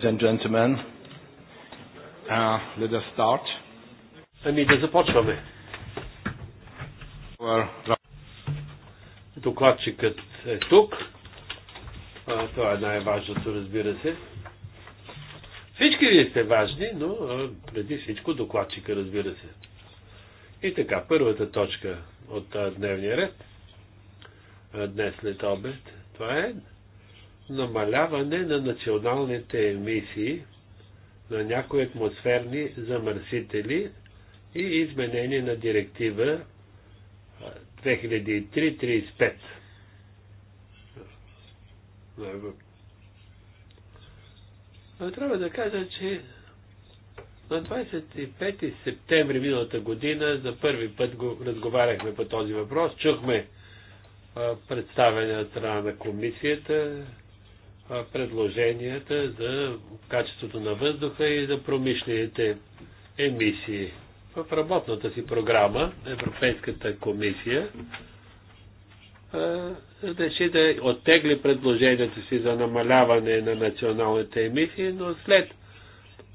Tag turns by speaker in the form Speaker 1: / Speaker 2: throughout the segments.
Speaker 1: and gentlemen, uh, let us start. Ами да започваме. Докладчикът е тук. А, това е най-важното, разбира се. Всички вие сте важни, но преди всичко докладчика, разбира се. И така, първата точка от дневния ред, днес след обед, това е намаляване на националните емисии на някои атмосферни замърсители и изменение на директива 2003-35 Но трябва да кажа, че на 25 септември миналата година за първи път го разговаряхме по този въпрос. Чухме представяне от страна на комисията, предложенията за качеството на въздуха и за промишлените емисии. В работната си програма Европейската комисия реши да оттегли предложението си за намаляване на националните емисии, но след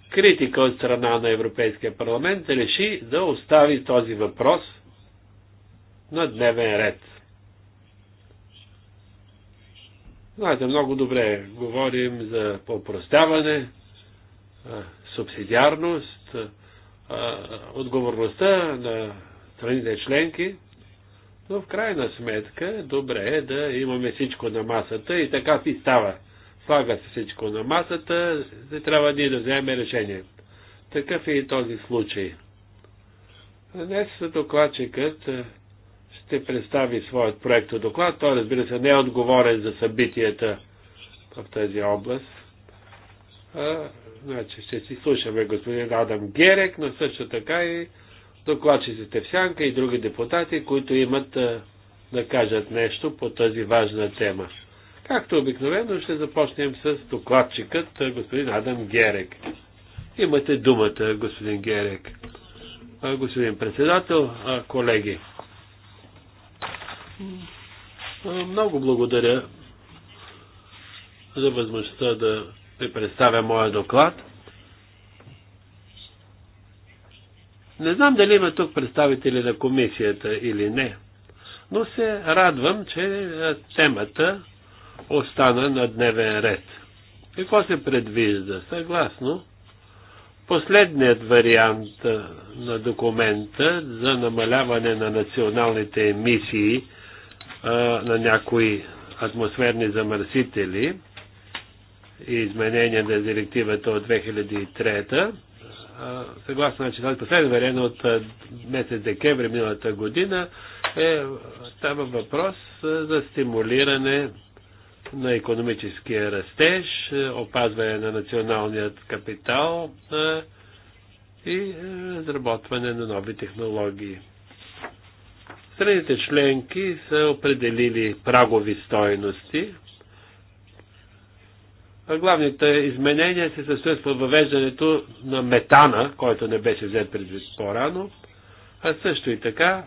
Speaker 1: критика от страна на Европейския парламент реши да остави този въпрос на дневен ред. Знаете, много добре говорим за попростяване, субсидиарност, отговорността на страните членки, но в крайна сметка добре е да имаме всичко на масата и така си става. Слага се всичко на масата, се трябва ние да вземем решение. Такъв е и този случай. Днес докладчикът ще представи своят проект доклад. Той, разбира се, не е отговорен за събитията в тази област. А, значи, ще си слушаме господин Адам Герек, но също така и докладчиците в Сянка и други депутати, които имат а, да кажат нещо по тази важна тема. Както обикновено ще започнем с докладчикът господин Адам Герек. Имате думата, господин Герек. Господин председател, колеги. Много благодаря за възможността да ви представя моя доклад. Не знам дали има тук представители на комисията или не, но се радвам, че темата остана на дневен ред. Какво се предвижда? Съгласно последният вариант на документа за намаляване на националните емисии на някои атмосферни замърсители и изменение на директивата от 2003 съгласно на значи, тази е последно вариант от месец декември миналата година е, става въпрос за стимулиране на економическия растеж, опазване на националният капитал и разработване на нови технологии. Страните членки са определили прагови стойности. Главните изменения се състоят в въвеждането на метана, който не беше взет предвид по-рано, а също и така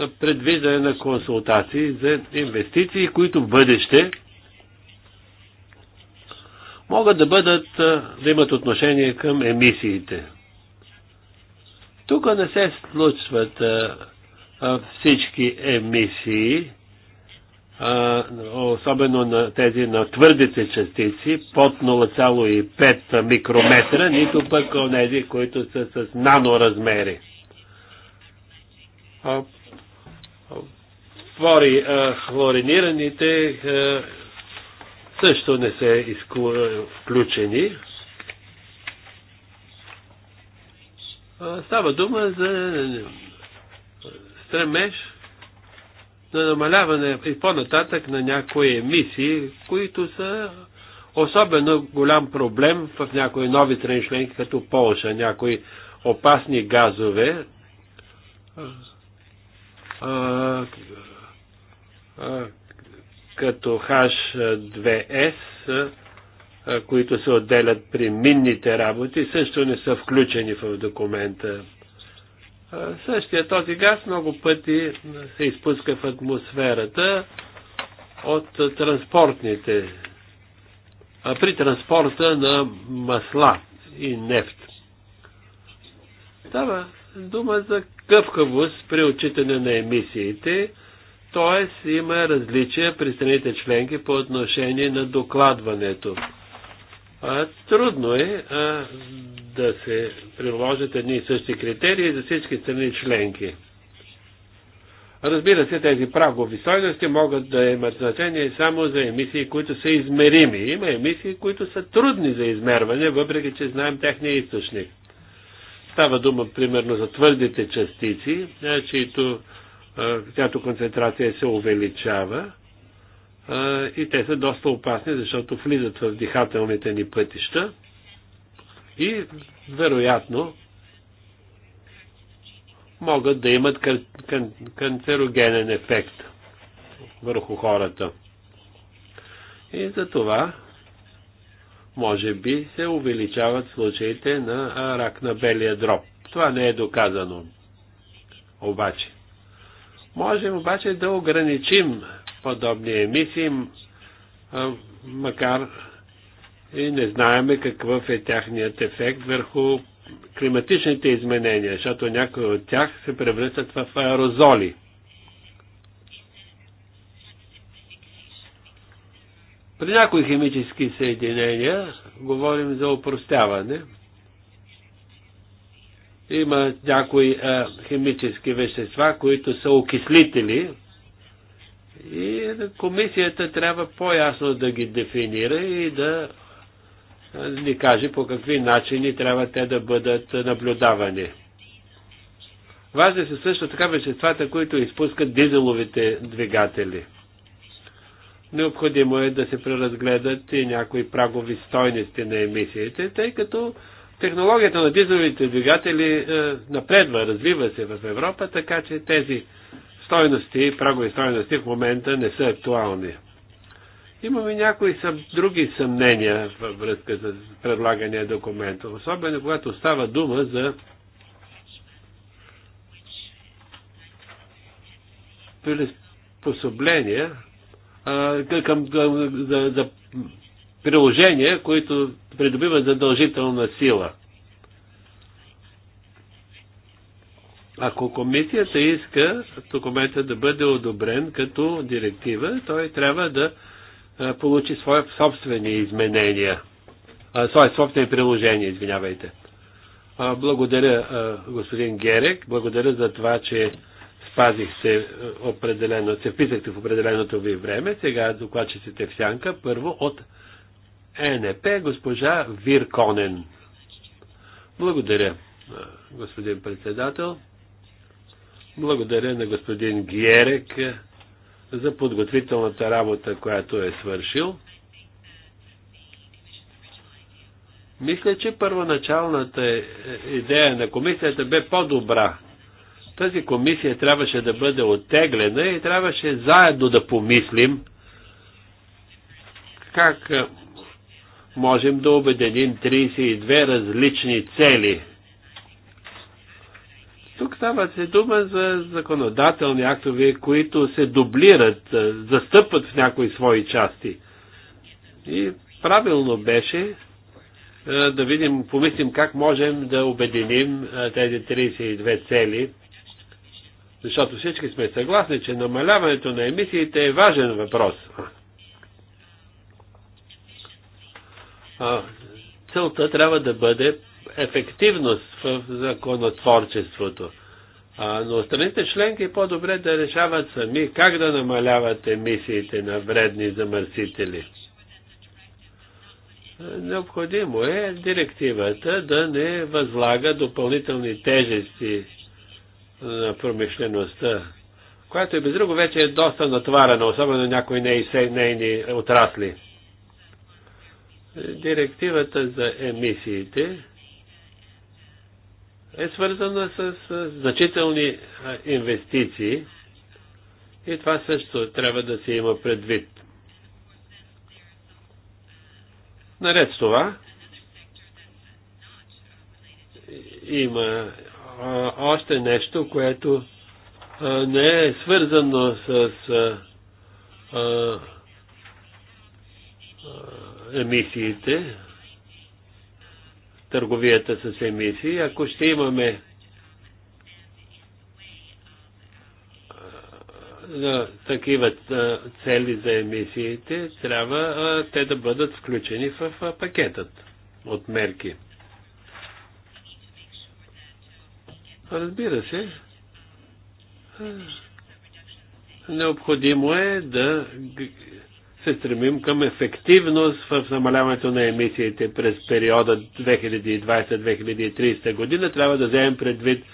Speaker 1: на предвиждане на консултации за инвестиции, които в бъдеще могат да бъдат, да имат отношение към емисиите. Тук не се случват всички емисии, особено на тези на твърдите частици, под 0,5 микрометра, нито пък онези, които са с наноразмери. Твори хлоринираните също не са изклю... включени. Става дума за стремеж на намаляване и по-нататък на някои емисии, които са особено голям проблем в някои нови страни членки, като Полша, някои опасни газове, а, а, като H2S, които се отделят при минните работи, също не са включени в документа. Същия този газ много пъти се изпуска в атмосферата от транспортните, при транспорта на масла и нефт. Става дума за гъвкавост при отчитане на емисиите, т.е. има различия при страните членки по отношение на докладването трудно е да се приложат едни и същи критерии за всички страни членки. Разбира се, тези прагови стойности могат да имат значение само за емисии, които са измерими. Има емисии, които са трудни за измерване, въпреки че знаем техния източник. Става дума примерно за твърдите частици, чието, значи, тято концентрация се увеличава и те са доста опасни, защото влизат в дихателните ни пътища и вероятно могат да имат канцерогенен ефект върху хората. И за това може би се увеличават случаите на рак на белия дроб. Това не е доказано. Обаче. Можем обаче да ограничим подобни емисии, макар и не знаеме какъв е тяхният ефект върху климатичните изменения, защото някои от тях се превръщат в аерозоли. При някои химически съединения говорим за упростяване. Има някои а, химически вещества, които са окислители, и комисията трябва по-ясно да ги дефинира и да ни каже по какви начини трябва те да бъдат наблюдавани. Важни са също така веществата, които изпускат дизеловите двигатели. Необходимо е да се преразгледат и някои прагови стойности на емисиите, тъй като технологията на дизеловите двигатели е, напредва, развива се в Европа, така че тези стойности, прагови стойности в момента не са актуални. Имаме някои съм, други съмнения във връзка с предлагания документ, особено когато става дума за приспособления към, към, за, за приложения, които придобиват задължителна сила – Ако комисията иска документът да бъде одобрен като директива, той трябва да получи свои собствени изменения, свои собствени приложения, извинявайте. Благодаря, господин Герек, благодаря за това, че спазих се определено, се вписахте в определеното ви време. Сега докладчиците в сянка, първо от ЕНП, госпожа Вирконен. Благодаря, господин председател. Благодаря на господин Гиерек за подготвителната работа, която е свършил. Мисля, че първоначалната е, е, идея на комисията бе по-добра. Тази комисия трябваше да бъде оттеглена и трябваше заедно да помислим как е, можем да обединим 32 различни цели – тук става се дума за законодателни актове, които се дублират, застъпват в някои свои части. И правилно беше да видим, помислим как можем да обединим тези 32 цели, защото всички сме съгласни, че намаляването на емисиите е важен въпрос. Целта трябва да бъде ефективност в законотворчеството. А, но страните членки е по-добре да решават сами как да намаляват емисиите на вредни замърсители. Необходимо е директивата да не възлага допълнителни тежести на промишлеността, която и без друго вече е доста натварена, особено някои нейни отрасли. Директивата за емисиите е свързана с значителни е, инвестиции и това също трябва да се има предвид. Наред с това, има още нещо, което не е свързано с емисиите, търговията с емисии. Ако ще имаме а, такива цели за емисиите, трябва те да бъдат включени в пакетът от мерки. Разбира се, необходимо е да се стремим към ефективност в намаляването на емисиите през периода 2020-2030 година, трябва да вземем предвид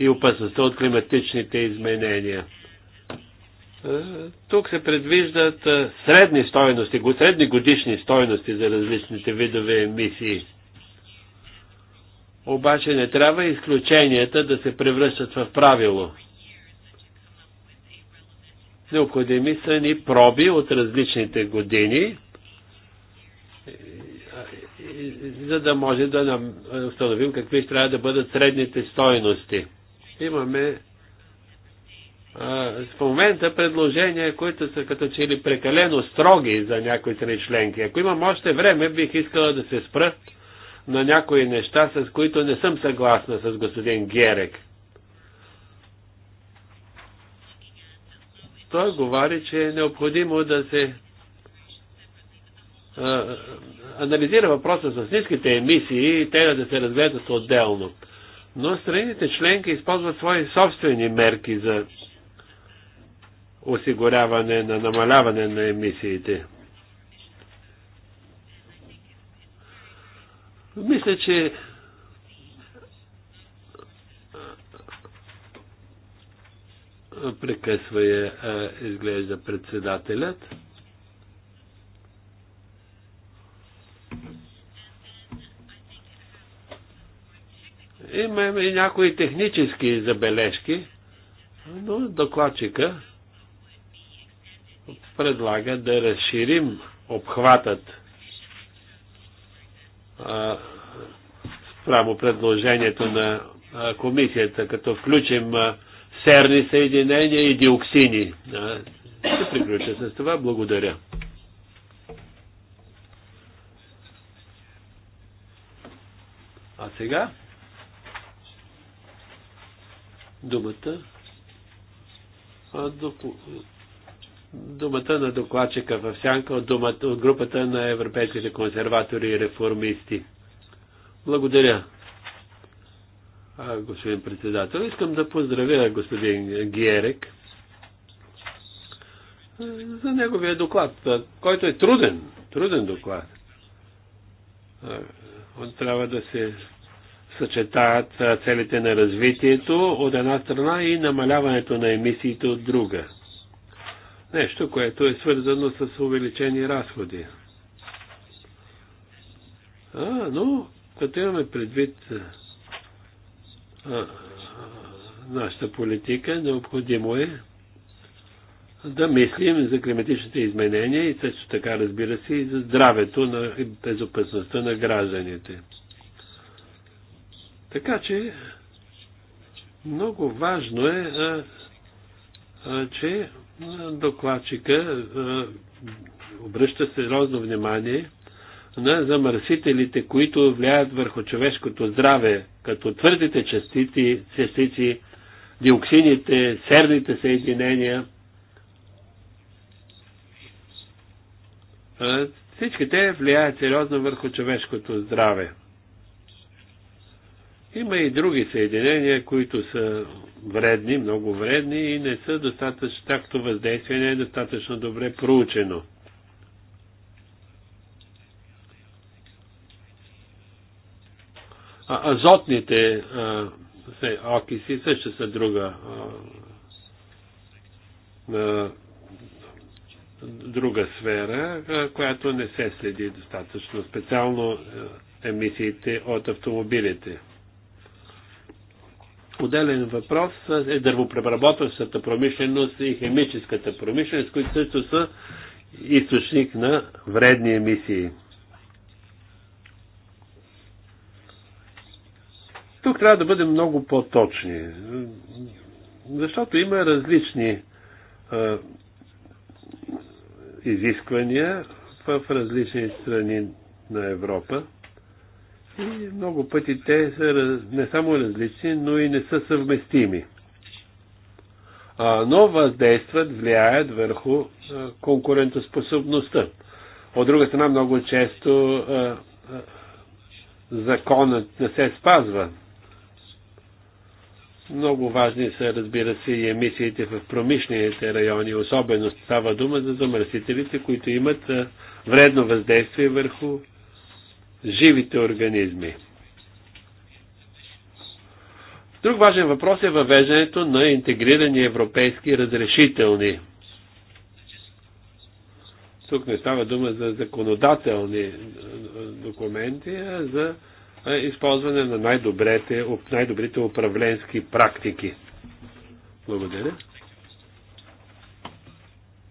Speaker 1: и опасността от климатичните изменения. Е, тук се предвиждат е, средни стойности, средни годишни стойности за различните видове емисии. Обаче не трябва изключенията да се превръщат в правило. Необходими са ни проби от различните години, за да може да е, установим какви ще трябва да бъдат средните стойности. Имаме е, в момента предложения, които са като че ли прекалено строги за някои три членки. Ако имам още време, бих искала да се спра на някои неща, с които не съм съгласна с господин Герек. Той говори, че е необходимо да се а, анализира въпроса с ниските емисии и те да се разгледат отделно. Но страните членки използват свои собствени мерки за осигуряване на намаляване на емисиите. Мисля, че Прекъсва я, изглежда председателят. Имаме и някои технически забележки, но докладчика предлага да разширим обхватът а, спрямо предложението на комисията, като включим а, серни съединения и диоксини. Ще приключа с това. Благодаря. А сега думата думата на докладчика в сянка от, думата, от групата на европейските консерватори и реформисти. Благодаря, господин председател. Искам да поздравя господин Герек за неговия доклад, който е труден, труден доклад. Он трябва да се съчетаят целите на развитието от една страна и намаляването на емисиите от друга. Нещо, което е свързано с увеличени разходи. А, но като имаме предвид нашата политика, необходимо е да мислим за климатичните изменения и също така, разбира се, и за здравето на безопасността на гражданите. Така че, много важно е, а, а, че докладчика а, обръща сериозно внимание на замърсителите, които влияят върху човешкото здраве, като твърдите частици, частици диоксините, серните съединения. Всички те влияят сериозно върху човешкото здраве. Има и други съединения, които са вредни, много вредни и не са достатъчно, такто въздействие не е достатъчно добре проучено. А, азотните а, се, окиси също са друга а, друга сфера, която не се следи достатъчно, специално емисиите от автомобилите. Отделен въпрос е дървопреработващата промишленост и химическата промишленост, които също са източник на вредни емисии. Тук трябва да бъдем много по-точни, защото има различни а, изисквания в различни страни на Европа. И много пъти те са не само различни, но и не са съвместими. А, но въздействат, влияят върху а, конкурентоспособността. От друга страна, много често а, а, законът не се спазва. Много важни са, разбира се, и емисиите в промишлените райони. Особено става дума за замърсителите, които имат вредно въздействие върху живите организми. Друг важен въпрос е въвеждането на интегрирани европейски разрешителни. Тук не става дума за законодателни документи, а за е използване на най-добрите, най-добрите управленски практики. Благодаря.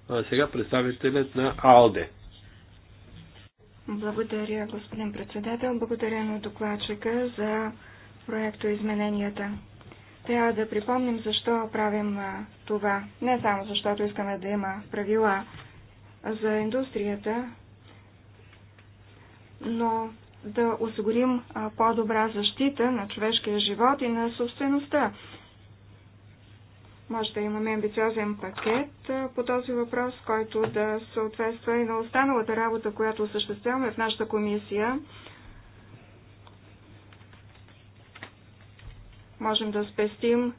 Speaker 1: А сега представителят на АЛДЕ.
Speaker 2: Благодаря, господин председател. Благодаря на докладчика за проекто измененията. Трябва да припомним защо правим това. Не само защото искаме да има правила за индустрията, но да осигурим по-добра защита на човешкия живот и на собствеността. Може да имаме амбициозен пакет по този въпрос, който да съответства и на останалата работа, която осъществяваме в нашата комисия. Можем да спестим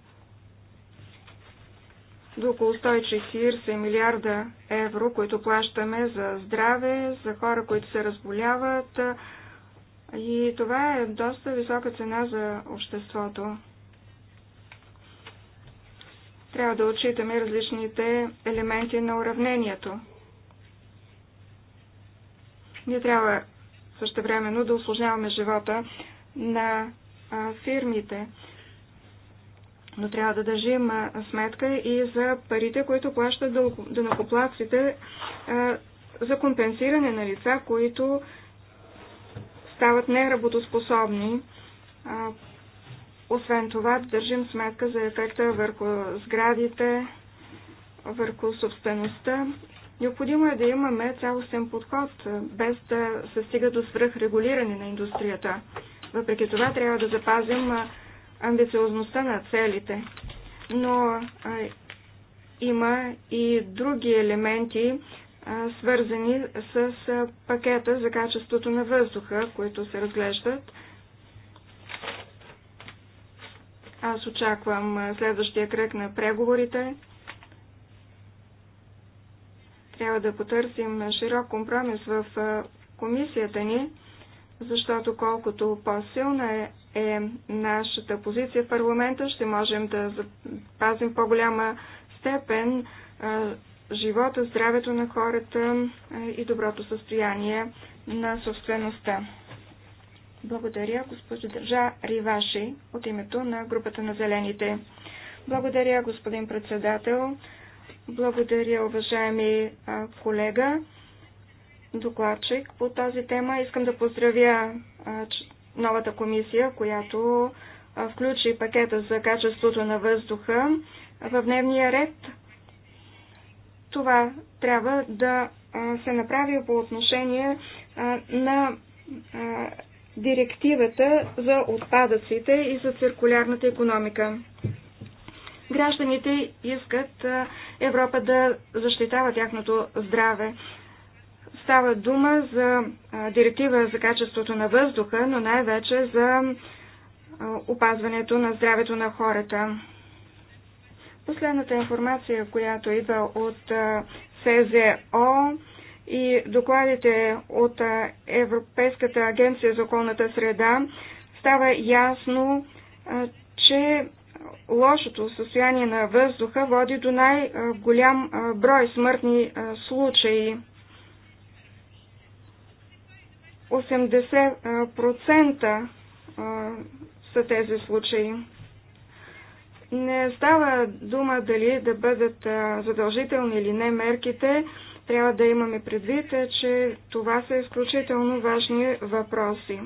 Speaker 2: до около 140 милиарда евро, които плащаме за здраве, за хора, които се разболяват, и това е доста висока цена за обществото. Трябва да отчитаме различните елементи на уравнението. Ние трябва също времено да осложняваме живота на фирмите. Но трябва да държим сметка и за парите, които плащат дънакоплаците за компенсиране на лица, които стават неработоспособни. Освен това, държим сметка за ефекта върху сградите, върху собствеността. Необходимо е да имаме цялостен подход, без да се стига до свръхрегулиране на индустрията. Въпреки това, трябва да запазим амбициозността на целите. Но а, има и други елементи, свързани с пакета за качеството на въздуха, които се разглеждат. Аз очаквам следващия кръг на преговорите. Трябва да потърсим широк компромис в комисията ни, защото колкото по-силна е, е, нашата позиция в парламента, ще можем да запазим по-голяма степен живота, здравето на хората и доброто състояние на собствеността. Благодаря, госпожо Държа Риваши, от името на групата на зелените. Благодаря, господин председател. Благодаря, уважаеми колега, докладчик по тази тема. Искам да поздравя новата комисия, която включи пакета за качеството на въздуха в дневния ред това трябва да се направи по отношение на директивата за отпадъците и за циркулярната економика. Гражданите искат Европа да защитава тяхното здраве. Става дума за директива за качеството на въздуха, но най-вече за опазването на здравето на хората. Последната информация, която идва от СЗО и докладите от Европейската агенция за околната среда, става ясно, че лошото състояние на въздуха води до най-голям брой смъртни случаи. 80% са тези случаи. Не става дума дали да бъдат задължителни или не мерките. Трябва да имаме предвид, че това са изключително важни въпроси.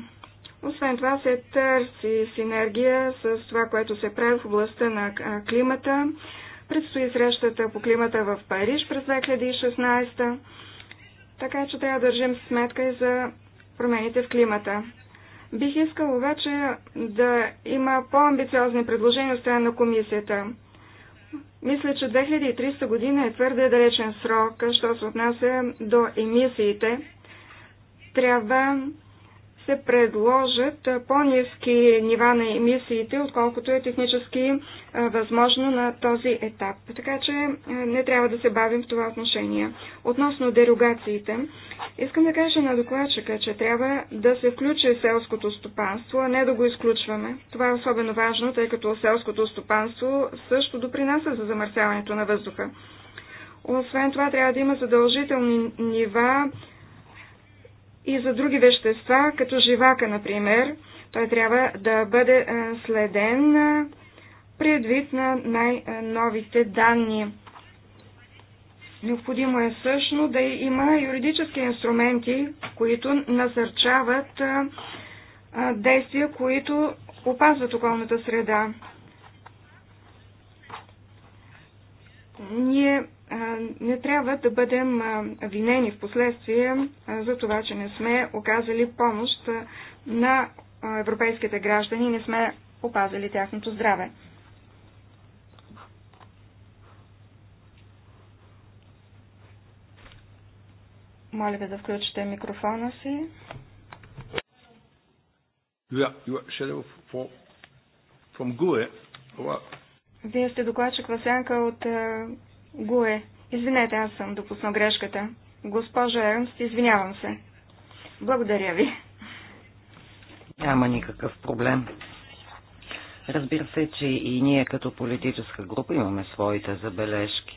Speaker 2: Освен това се търси синергия с това, което се прави в областта на климата. Предстои срещата по климата в Париж през 2016. Така че трябва да държим сметка и за промените в климата. Бих искал обаче да има по-амбициозни предложения от страна на комисията. Мисля, че 2300 година е твърде далечен срок, що се отнася до емисиите. Трябва се предложат по-низки нива на емисиите, отколкото е технически възможно на този етап. Така че не трябва да се бавим в това отношение. Относно дерогациите, искам да кажа на докладчика, че трябва да се включи селското стопанство, а не да го изключваме. Това е особено важно, тъй като селското стопанство също допринася за замърсяването на въздуха. Освен това трябва да има задължителни нива и за други вещества, като живака, например. Той трябва да бъде следен предвид на най-новите данни. Необходимо е също да има юридически инструменти, които насърчават действия, които опазват околната среда. Ние не трябва да бъдем винени в последствие за това, че не сме оказали помощ на европейските граждани и не сме опазили тяхното здраве. Моля ви да включите микрофона си. Вие сте докладчик Васянка от Гуе. Извинете, аз съм допуснал грешката. Госпожа Ернст, извинявам се. Благодаря ви.
Speaker 3: Няма никакъв проблем. Разбира се, че и ние като политическа група имаме своите забележки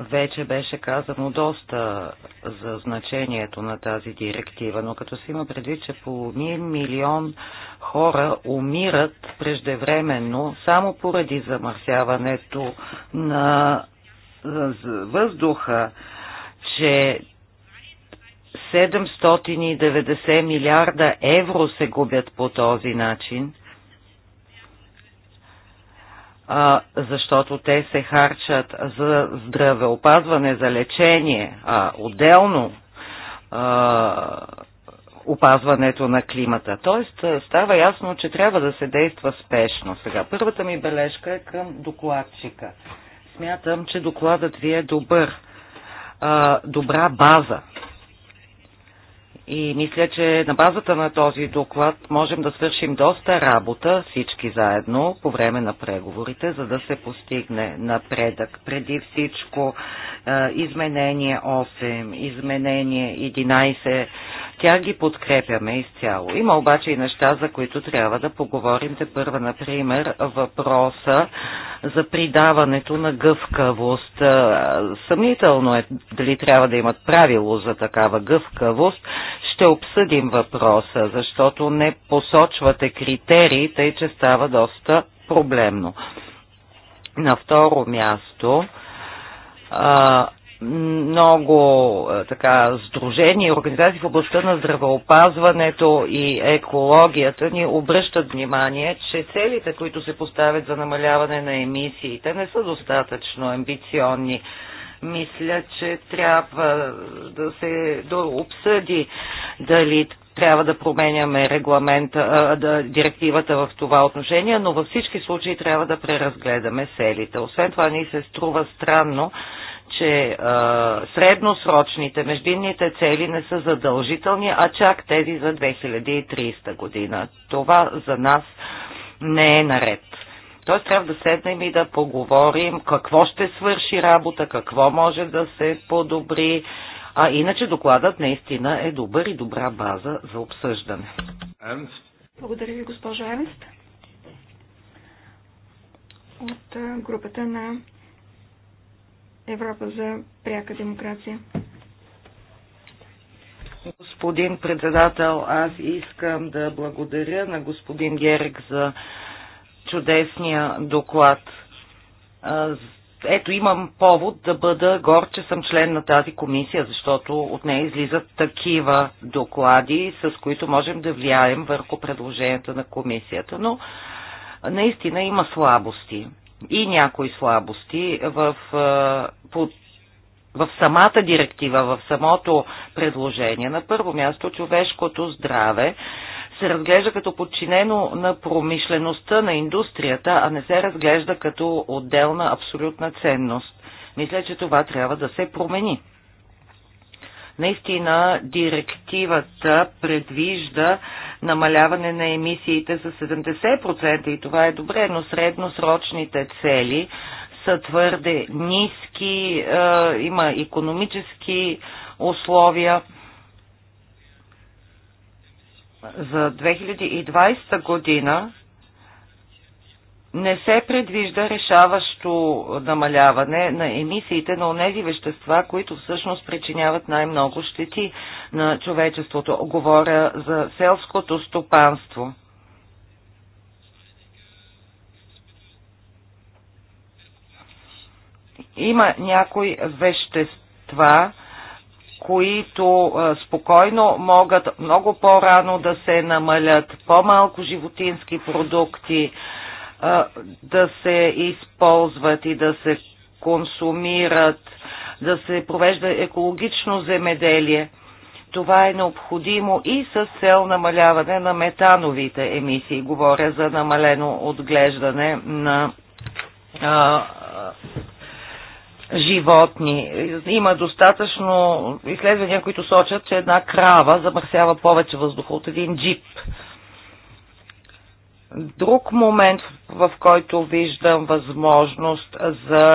Speaker 3: вече беше казано доста за значението на тази директива, но като се има предвид, че половин милион хора умират преждевременно само поради замърсяването на въздуха, че 790 милиарда евро се губят по този начин, а, защото те се харчат за здравеопазване, за лечение, а отделно а, опазването на климата. Тоест става ясно, че трябва да се действа спешно. Сега първата ми бележка е към докладчика. Смятам, че докладът ви е добър. А, добра база и мисля, че на базата на този доклад можем да свършим доста работа всички заедно по време на преговорите, за да се постигне напредък. Преди всичко е, изменение 8, изменение 11, тя ги подкрепяме изцяло. Има обаче и неща, за които трябва да поговорим те първа, например, въпроса за придаването на гъвкавост. Е, съмнително е дали трябва да имат правило за такава гъвкавост, ще обсъдим въпроса, защото не посочвате критерии, тъй че става доста проблемно. На второ място, а, много така, сдружения и организации в областта на здравеопазването и екологията ни обръщат внимание, че целите, които се поставят за намаляване на емисиите, не са достатъчно амбиционни. Мисля, че трябва да се да обсъди дали трябва да променяме регламента, да, директивата в това отношение, но във всички случаи трябва да преразгледаме селите. Освен това ни се струва странно, че а, средносрочните междинните цели не са задължителни, а чак тези за 2300 година. Това за нас не е наред. Тоест трябва да седнем и да поговорим какво ще свърши работа, какво може да се подобри. А иначе докладът наистина е добър и добра база за обсъждане.
Speaker 1: Ernst.
Speaker 2: Благодаря ви, госпожо Ернст. От групата на Европа за пряка демокрация.
Speaker 3: Господин председател, аз искам да благодаря на господин Герек за чудесния доклад. Ето имам повод да бъда гор, че съм член на тази комисия, защото от нея излизат такива доклади, с които можем да влияем върху предложенията на комисията. Но наистина има слабости и някои слабости в, в, в самата директива, в самото предложение. На първо място човешкото здраве се разглежда като подчинено на промишлеността, на индустрията, а не се разглежда като отделна абсолютна ценност. Мисля, че това трябва да се промени. Наистина директивата предвижда намаляване на емисиите за 70% и това е добре, но средносрочните цели са твърде ниски, е, има економически условия за 2020 година не се предвижда решаващо намаляване на емисиите на онези вещества, които всъщност причиняват най-много щети на човечеството. Говоря за селското стопанство. Има някои вещества, които спокойно могат много по-рано да се намалят, по-малко животински продукти да се използват и да се консумират, да се провежда екологично земеделие. Това е необходимо и с цел намаляване на метановите емисии. Говоря за намалено отглеждане на а, животни. Има достатъчно изследвания, които сочат, че една крава замърсява повече въздуха от един джип. Друг момент, в който виждам възможност за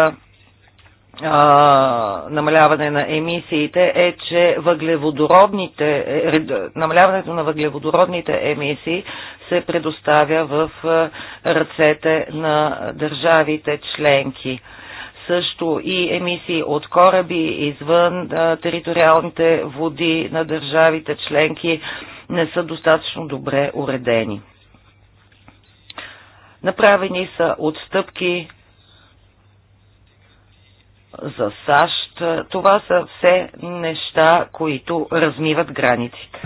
Speaker 3: а, намаляване на емисиите е, че въглеводородните, е, намаляването на въглеводородните емисии се предоставя в ръцете на държавите членки също и емисии от кораби извън териториалните води на държавите членки не са достатъчно добре уредени. Направени са отстъпки за САЩ. Това са все неща, които размиват границите.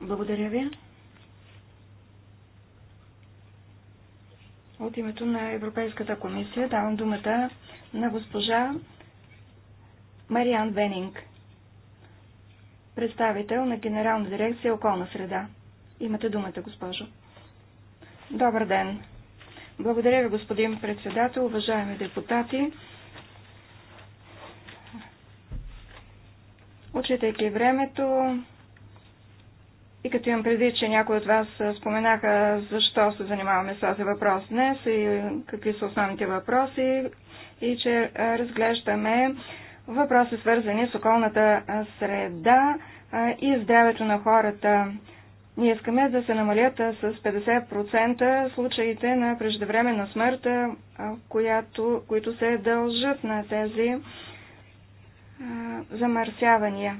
Speaker 2: Благодаря ви. От името на Европейската комисия давам думата на госпожа Мариан Венинг, представител на Генерална дирекция Околна среда. Имате думата, госпожо. Добър ден! Благодаря ви, господин председател, уважаеми депутати. Отчитайки времето, и като имам предвид, че някои от вас споменаха защо се занимаваме с този въпрос днес и какви са основните въпроси и че разглеждаме въпроси свързани с околната среда и здравето на хората. Ние искаме да се намалят с 50% случаите на преждевременна смърт, която, които се дължат на тези замърсявания.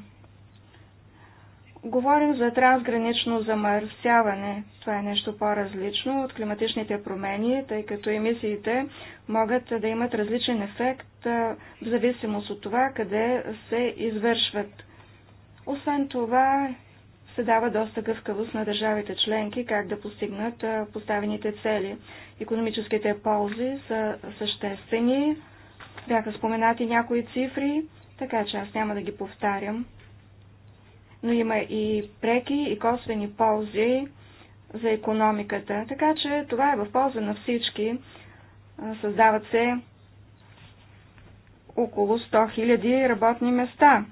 Speaker 2: Говорим за трансгранично замърсяване. Това е нещо по-различно от климатичните промени, тъй като емисиите могат да имат различен ефект в зависимост от това къде се извършват. Освен това, се дава доста гъвкавост на държавите членки как да постигнат поставените цели. Економическите ползи са съществени. Бяха споменати някои цифри, така че аз няма да ги повтарям но има и преки и косвени ползи за економиката. Така че това е в полза на всички. Създават се около 100 000 работни места.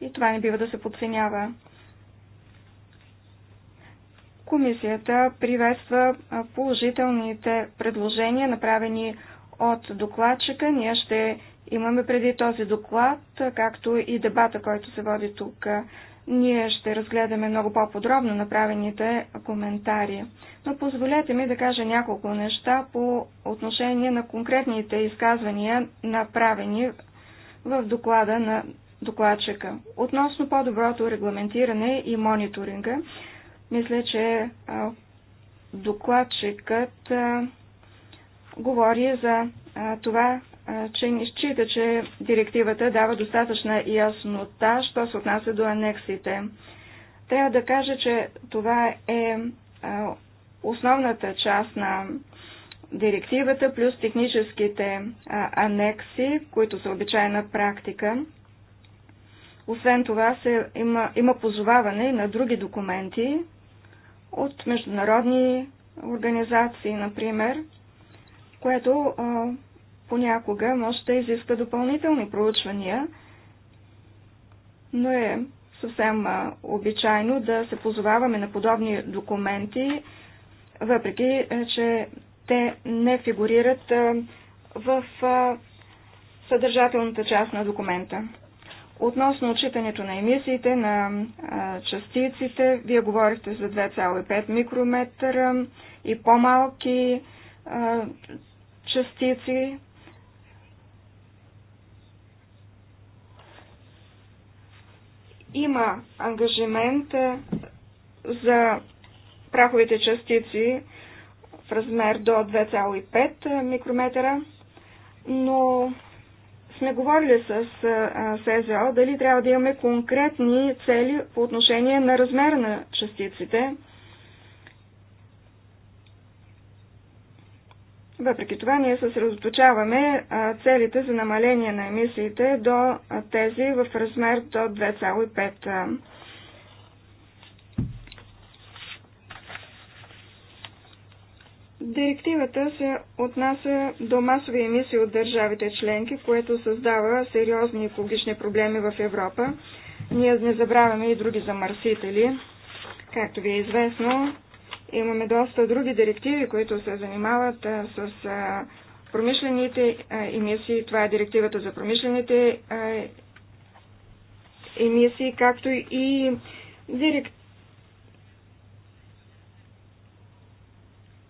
Speaker 2: И това не бива да се подценява. Комисията приветства положителните предложения, направени от докладчика. Ние ще имаме преди този доклад, както и дебата, който се води тук. Ние ще разгледаме много по-подробно направените коментари. Но позволете ми да кажа няколко неща по отношение на конкретните изказвания, направени в доклада на докладчика. Относно по-доброто регламентиране и мониторинга, мисля, че докладчикът говори за това, че не счита, че директивата дава достатъчна яснота, що се отнася до анексите. Трябва да кажа, че това е основната част на директивата, плюс техническите анекси, които са обичайна практика. Освен това се, има, има позоваване на други документи от международни организации, например, което понякога може да изиска допълнителни проучвания, но е съвсем обичайно да се позоваваме на подобни документи, въпреки е, че те не фигурират в съдържателната част на документа. Относно отчитането на емисиите, на частиците, вие говорихте за 2,5 микрометра и по-малки частици, има ангажимент е, за праховите частици в размер до 2,5 е, микрометра, но сме говорили с е, СЗО дали трябва да имаме конкретни цели по отношение на размера на частиците. Въпреки това ние съсредоточаваме целите за намаление на емисиите до тези в размер до 2,5. Директивата се отнася до масови емисии от държавите членки, което създава сериозни екологични проблеми в Европа. Ние не забравяме и други замърсители. Както ви е известно, Имаме доста други директиви, които се занимават с промишлените емисии. Това е директивата за промишлените емисии, както и директивата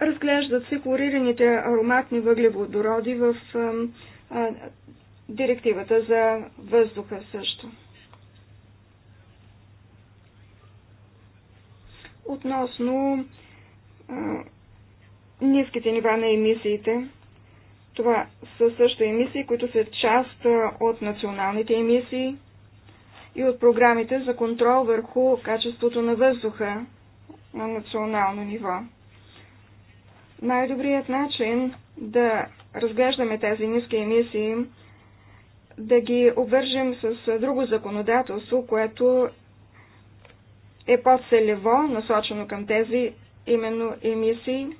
Speaker 2: разглеждат се хлорираните ароматни въглеводороди в а, а, директивата за въздуха също. Относно ниските нива на емисиите. Това са също емисии, които са част от националните емисии и от програмите за контрол върху качеството на въздуха на национално ниво. Най-добрият начин да разглеждаме тези ниски емисии, да ги обвържим с друго законодателство, което е по-целево насочено към тези именно емисии.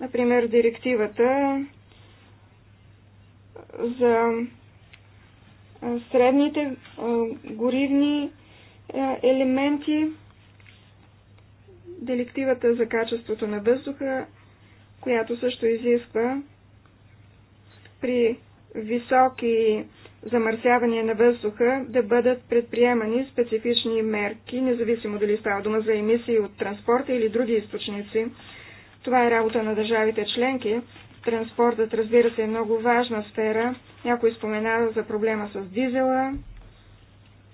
Speaker 2: Например, директивата за средните горивни елементи, директивата за качеството на въздуха, която също изисква при високи замърсяване на въздуха да бъдат предприемани специфични мерки, независимо дали става дума за емисии от транспорта или други източници. Това е работа на държавите членки. Транспортът, разбира се, е много важна сфера. Някой споменава за проблема с дизела,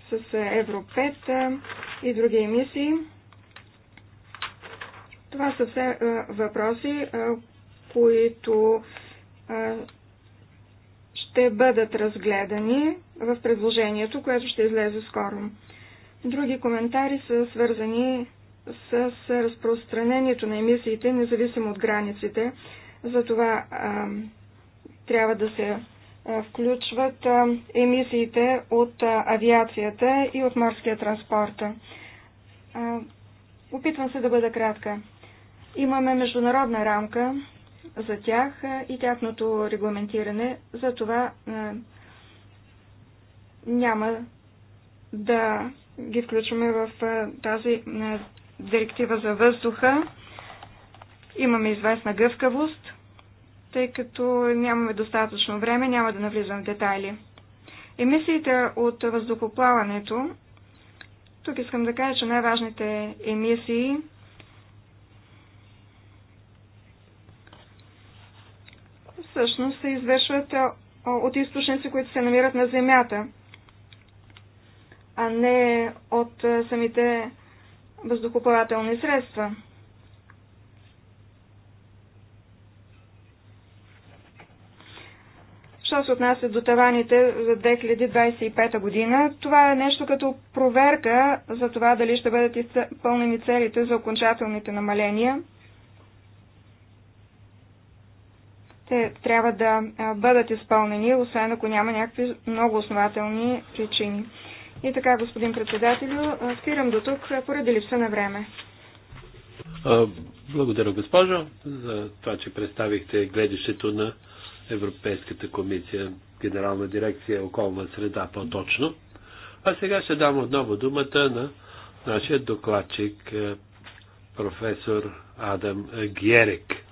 Speaker 2: с Евро 5 и други емисии. Това са все е, въпроси, е, които е, ще бъдат разгледани в предложението, което ще излезе скоро. Други коментари са свързани с разпространението на емисиите, независимо от границите. Затова а, трябва да се а, включват а, емисиите от а, авиацията и от морския транспорт. А, опитвам се да бъда кратка. Имаме международна рамка, за тях е, и тяхното регламентиране. За това е, няма да ги включваме в е, тази директива за въздуха. Имаме известна гъвкавост, тъй като нямаме достатъчно време, няма да навлизам в детайли. Емисиите от въздухоплаването. Тук искам да кажа, че най-важните емисии всъщност се извършват от източници, които се намират на Земята, а не от самите въздухоплавателни средства. Що се отнася до таваните за 2025 година, това е нещо като проверка за това дали ще бъдат изпълнени целите за окончателните намаления – те трябва да бъдат изпълнени, освен ако няма някакви много основателни причини. И така, господин председателю, спирам до тук поради липса на време.
Speaker 1: Благодаря, госпожо, за това, че представихте гледището на Европейската комисия, Генерална дирекция околна среда по-точно. А сега ще дам отново думата на нашия докладчик, професор Адам Герек.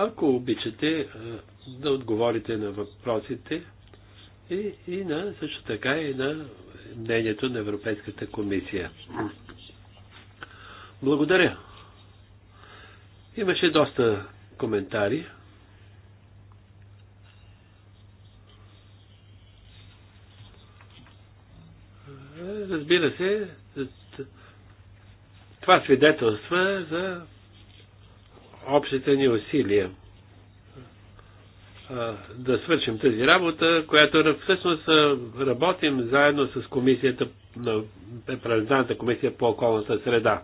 Speaker 1: Ако обичате да отговорите на въпросите и, и на също така и на мнението на Европейската комисия. Благодаря. Имаше доста коментари. Разбира се, това свидетелства за общите ни усилия да свършим тази работа, която всъщност работим заедно с комисията на Президентната комисия по околната среда.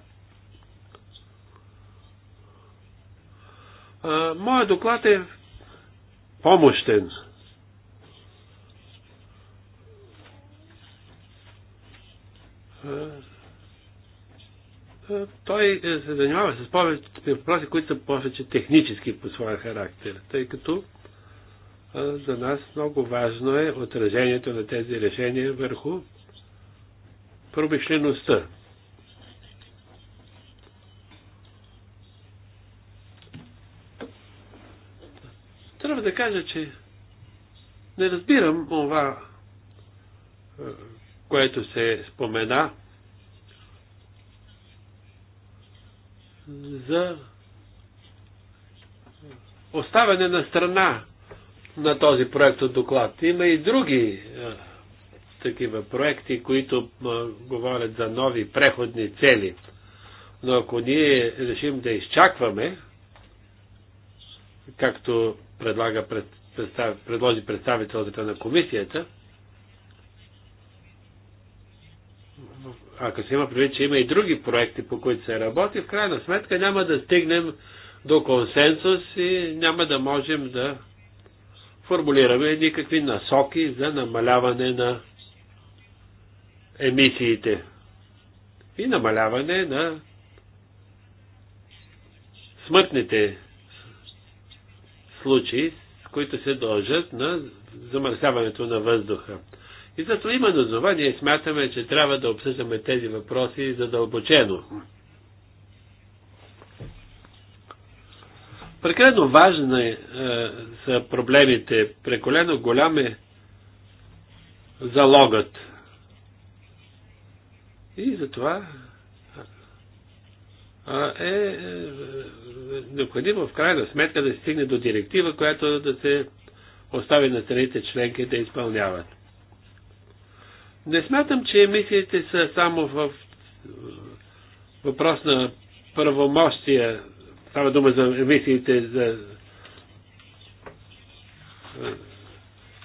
Speaker 1: Моят доклад е помощен. Е, той е, се занимава с повече въпроси, които са повече технически по своя характер, тъй като е, за нас много важно е отражението на тези решения върху промишлеността. Трябва да кажа, че не разбирам това, което се спомена за оставяне на страна на този проект от доклад. Има и други е, такива проекти, които е, говорят за нови преходни цели. Но ако ние решим да изчакваме, както предлага, пред, представ, предложи представителката на комисията, ако се има предвид, че има и други проекти, по които се работи, в крайна сметка няма да стигнем до консенсус и няма да можем да формулираме никакви насоки за намаляване на емисиите и намаляване на смъртните случаи, които се дължат на замърсяването на въздуха. И зато именно това ние смятаме, че трябва да обсъждаме тези въпроси задълбочено. Прекалено важни е, са проблемите, прекалено голям е залогът. И затова е, е необходимо в крайна сметка да се стигне до директива, която да се остави на страните членки да изпълняват. Не смятам, че емисиите са само в е, въпрос на правомощия. Става дума за емисиите за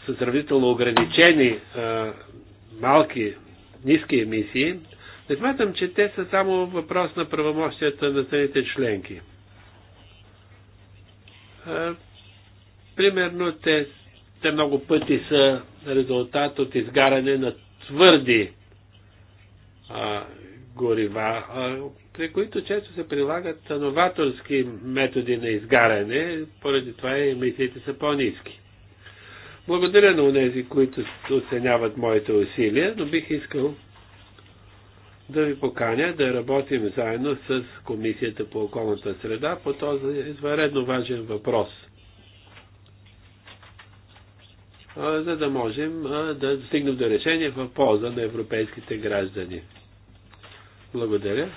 Speaker 1: е, сравнително ограничени, е, малки, ниски емисии, не смятам, че те са само въпрос на правомощията на страните членки. примерно, те, те много пъти са резултат от изгаране на твърди а, горива, а, при които често се прилагат новаторски методи на изгаряне, поради това и емисиите са по-низки. Благодаря на тези, които оценяват моите усилия, но бих искал да ви поканя да работим заедно с Комисията по околната среда по този изваредно важен въпрос – за да можем да достигнем до решение в полза на европейските граждани. Благодаря.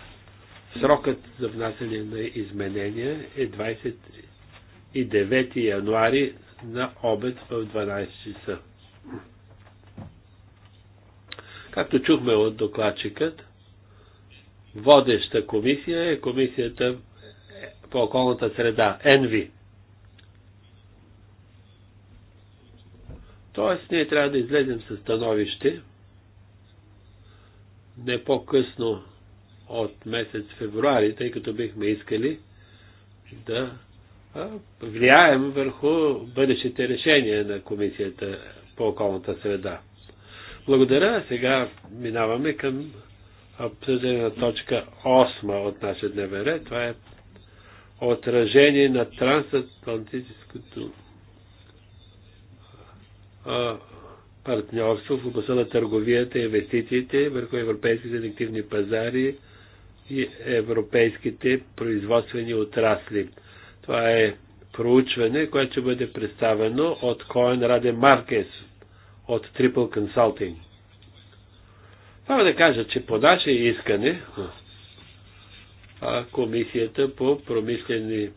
Speaker 1: Срокът за внасяне на изменения е 29 януари на обед в 12 часа. Както чухме от докладчикът, водеща комисия е комисията по околната среда, ЕНВИ. Тоест, ние трябва да излезем със становище не по-късно от месец февруари, тъй като бихме искали да влияем върху бъдещите решения на Комисията по околната среда. Благодаря. Сега минаваме към обсъждане на точка 8 от нашия дневен ред. Това е отражение на трансатлантическото партньорство в областта на търговията и инвестициите върху европейските ефективни пазари и европейските производствени отрасли. Това е проучване, което ще бъде представено от Коен Раде Маркес от Triple Consulting. Трябва да кажа, че по наше искане Комисията по промишлени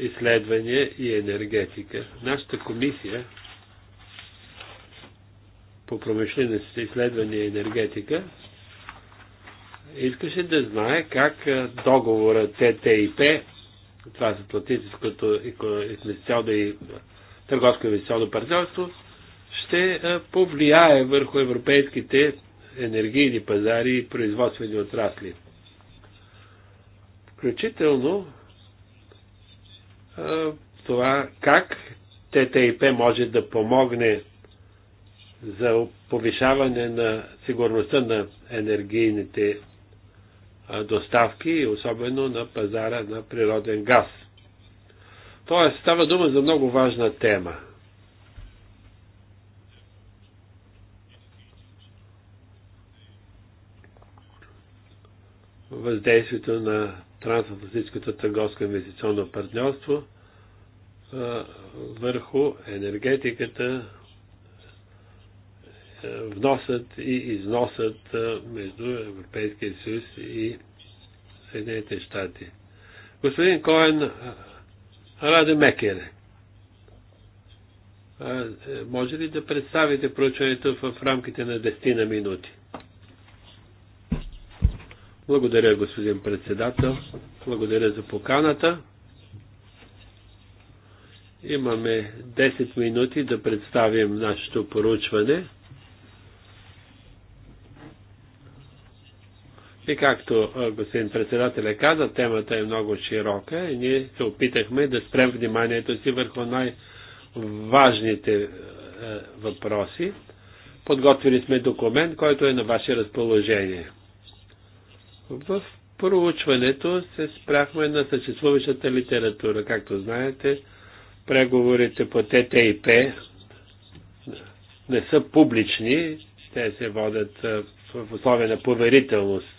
Speaker 1: изследвания и енергетика, нашата комисия по промишлеността, изследвания и енергетика, искаше да знае как договора ТТИП, това са Атлантическото и търговско инвестиционно партньорство, ще повлияе върху европейските енергийни пазари и производствени отрасли. Включително това как ТТИП може да помогне за повишаване на сигурността на енергийните доставки, особено на пазара на природен газ. Тоест, става дума за много важна тема. Въздействието на Трансатлантическото търговско инвестиционно партньорство върху енергетиката, е, вносът и износът е, между Европейския съюз и Съединените щати. Господин Коен е, Раде Мекер, може ли да представите проучването в рамките на 10 на минути? Благодаря, господин председател. Благодаря за поканата. Имаме 10 минути да представим нашето поручване. И както господин председателя каза, темата е много широка и ние се опитахме да спрем вниманието си върху най-важните въпроси. Подготвили сме документ, който е на ваше разположение. В проучването се спряхме на съществуващата литература. Както знаете, преговорите по ТТИП не са публични, те се водят в условия на поверителност.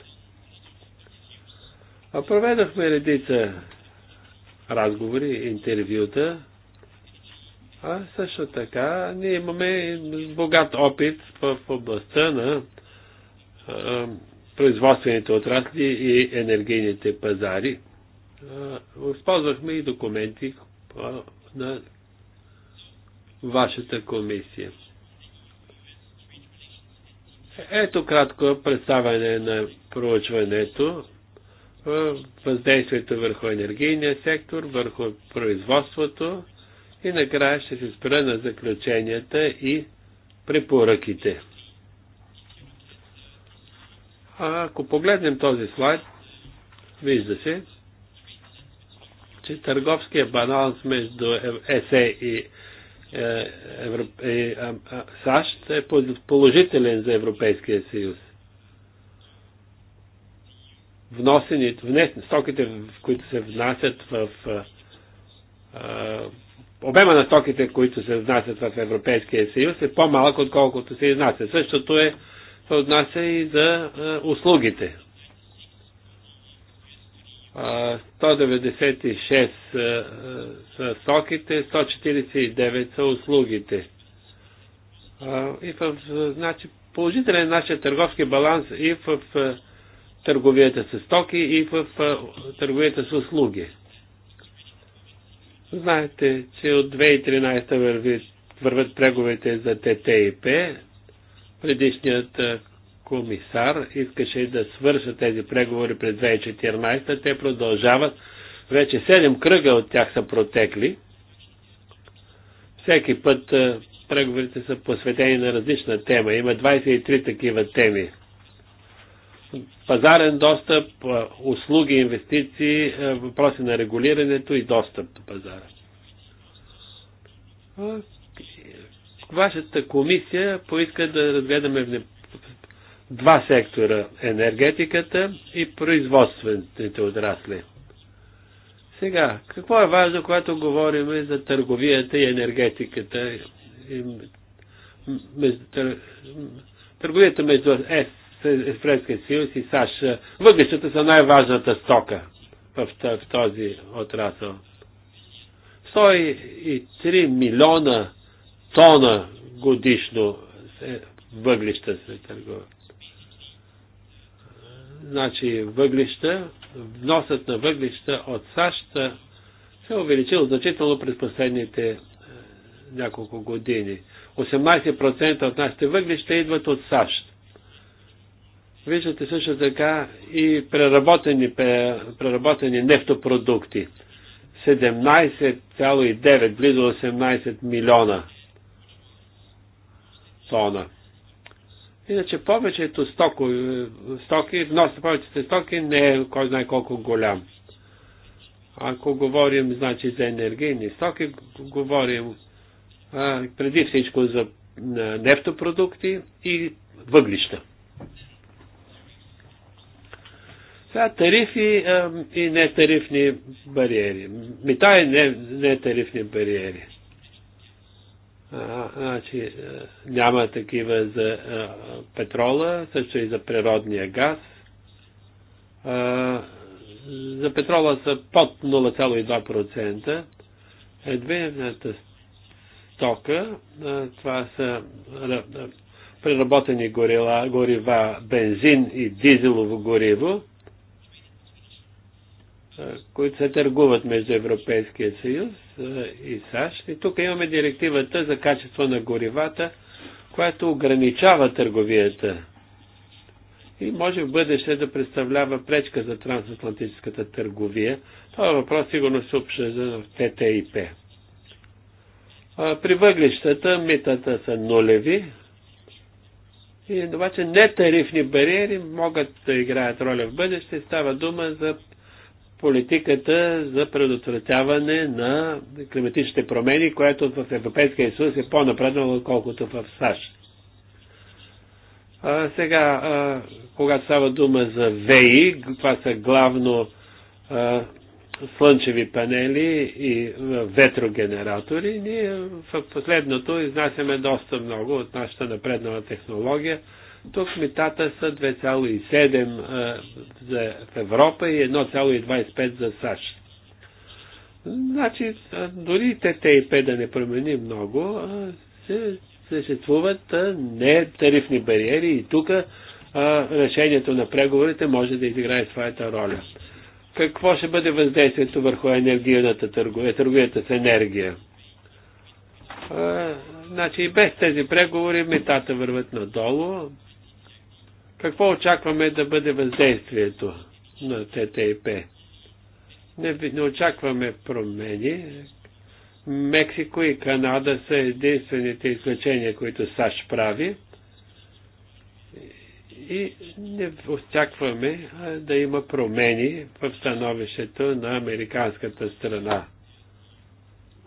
Speaker 1: Проведохме редица разговори, интервюта, а също така ние имаме богат опит в областта на производствените отрасли и енергийните пазари. Използвахме и документи на вашата комисия. Ето кратко представяне на проучването въздействието върху енергийния сектор, върху производството и накрая ще се спра на заключенията и препоръките. А ако погледнем този слайд, вижда се, че търговския баланс между ЕСЕ и е, САЩ е положителен за Европейския съюз вносени, внесени, стоките, които се внасят в а, обема на стоките, които се внасят в Европейския съюз е по-малък, отколкото се изнася. Същото е, се отнася и за а, услугите. А, 196 а, са стоките, 149 са услугите. А, и в, значи, положителен е нашия търговски баланс и в в търговията с стоки и в търговията с услуги. Знаете, че от 2013 върви, върват преговорите за ТТИП. Предишният комисар искаше да свършат тези преговори през 2014. Те продължават. Вече 7 кръга от тях са протекли. Всеки път преговорите са посветени на различна тема. Има 23 такива теми пазарен достъп, услуги, инвестиции, въпроси на регулирането и достъп до пазара. Вашата комисия поиска да разгледаме два сектора енергетиката и производствените отрасли. Сега, какво е важно, когато говорим за търговията и енергетиката? Търговията между ЕС е, е, Европейския съюз и САЩ. Въглищата са най-важната стока в, в този отрасъл. 103 милиона тона годишно се, въглища се търгуват. Значи въглища, вносът на въглища от САЩ се е увеличил значително през последните е, няколко години. 18% от нашите въглища идват от САЩ. Виждате също така и преработени, преработени нефтопродукти. 17,9, близо 18 милиона тона. Иначе повечето стоки, стоки внос на повечето стоки не е кой знае колко голям. Ако говорим значи, за енергийни стоки, говорим а, преди всичко за нефтопродукти и въглища. Сега тарифи а, и нетарифни бариери. Мита и не, нетарифни бариери. А, значи, няма такива за а, петрола, също и за природния газ. А, за петрола са под 0,2%. Едвената стока, а, това са а, преработени горила, горива, бензин и дизелово гориво които се търгуват между Европейския съюз и САЩ. И тук имаме директивата за качество на горивата, която ограничава търговията и може в бъдеще да представлява пречка за трансатлантическата търговия. Това въпрос сигурно се обсъжда в ТТИП. При въглищата митата са нулеви, и обаче нетарифни бариери могат да играят роля в бъдеще. Става дума за политиката за предотвратяване на климатичните промени, която в Европейския съюз е по-напреднала, отколкото в САЩ. А, сега, а, когато става дума за ВЕИ, това са главно а, слънчеви панели и ветрогенератори, ние в последното изнасяме доста много от нашата напреднала технология – тук метата са 2,7 за Европа и 1,25 за САЩ. Значи, дори ТТИП да не промени много, се съществуват не тарифни бариери и тук решението на преговорите може да изиграе своята роля. Какво ще бъде въздействието върху енергийната търговия, е, търговията с енергия? А, значи и без тези преговори метата върват надолу. Какво очакваме да бъде въздействието на ТТИП? Не, не очакваме промени. Мексико и Канада са единствените изключения, които САЩ прави. И не очакваме да има промени в становището на американската страна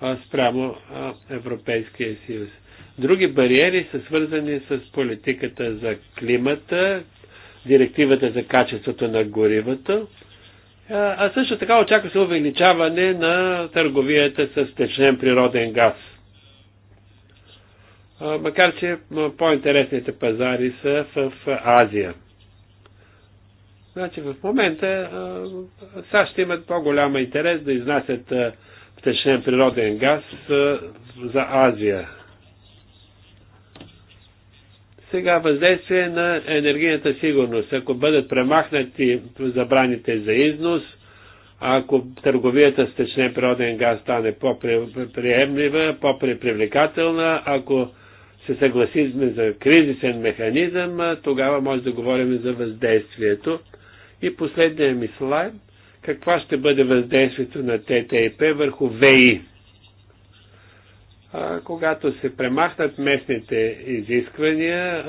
Speaker 1: А спрямо Европейския съюз. Други бариери са свързани с политиката за климата, директивата за качеството на горивата, а също така очаква се увеличаване на търговията с течнен природен газ. Макар, че по-интересните пазари са в Азия. Значи в момента САЩ имат по-голям интерес да изнасят втечнен природен газ за Азия. Сега въздействие на енергийната сигурност. Ако бъдат премахнати забраните за износ, ако търговията с течен природен газ стане по-приемлива, по-привлекателна, ако се съгласим за кризисен механизъм, тогава може да говорим за въздействието. И последния ми слайд, каква ще бъде въздействието на ТТИП върху ВИ? когато се премахнат местните изисквания,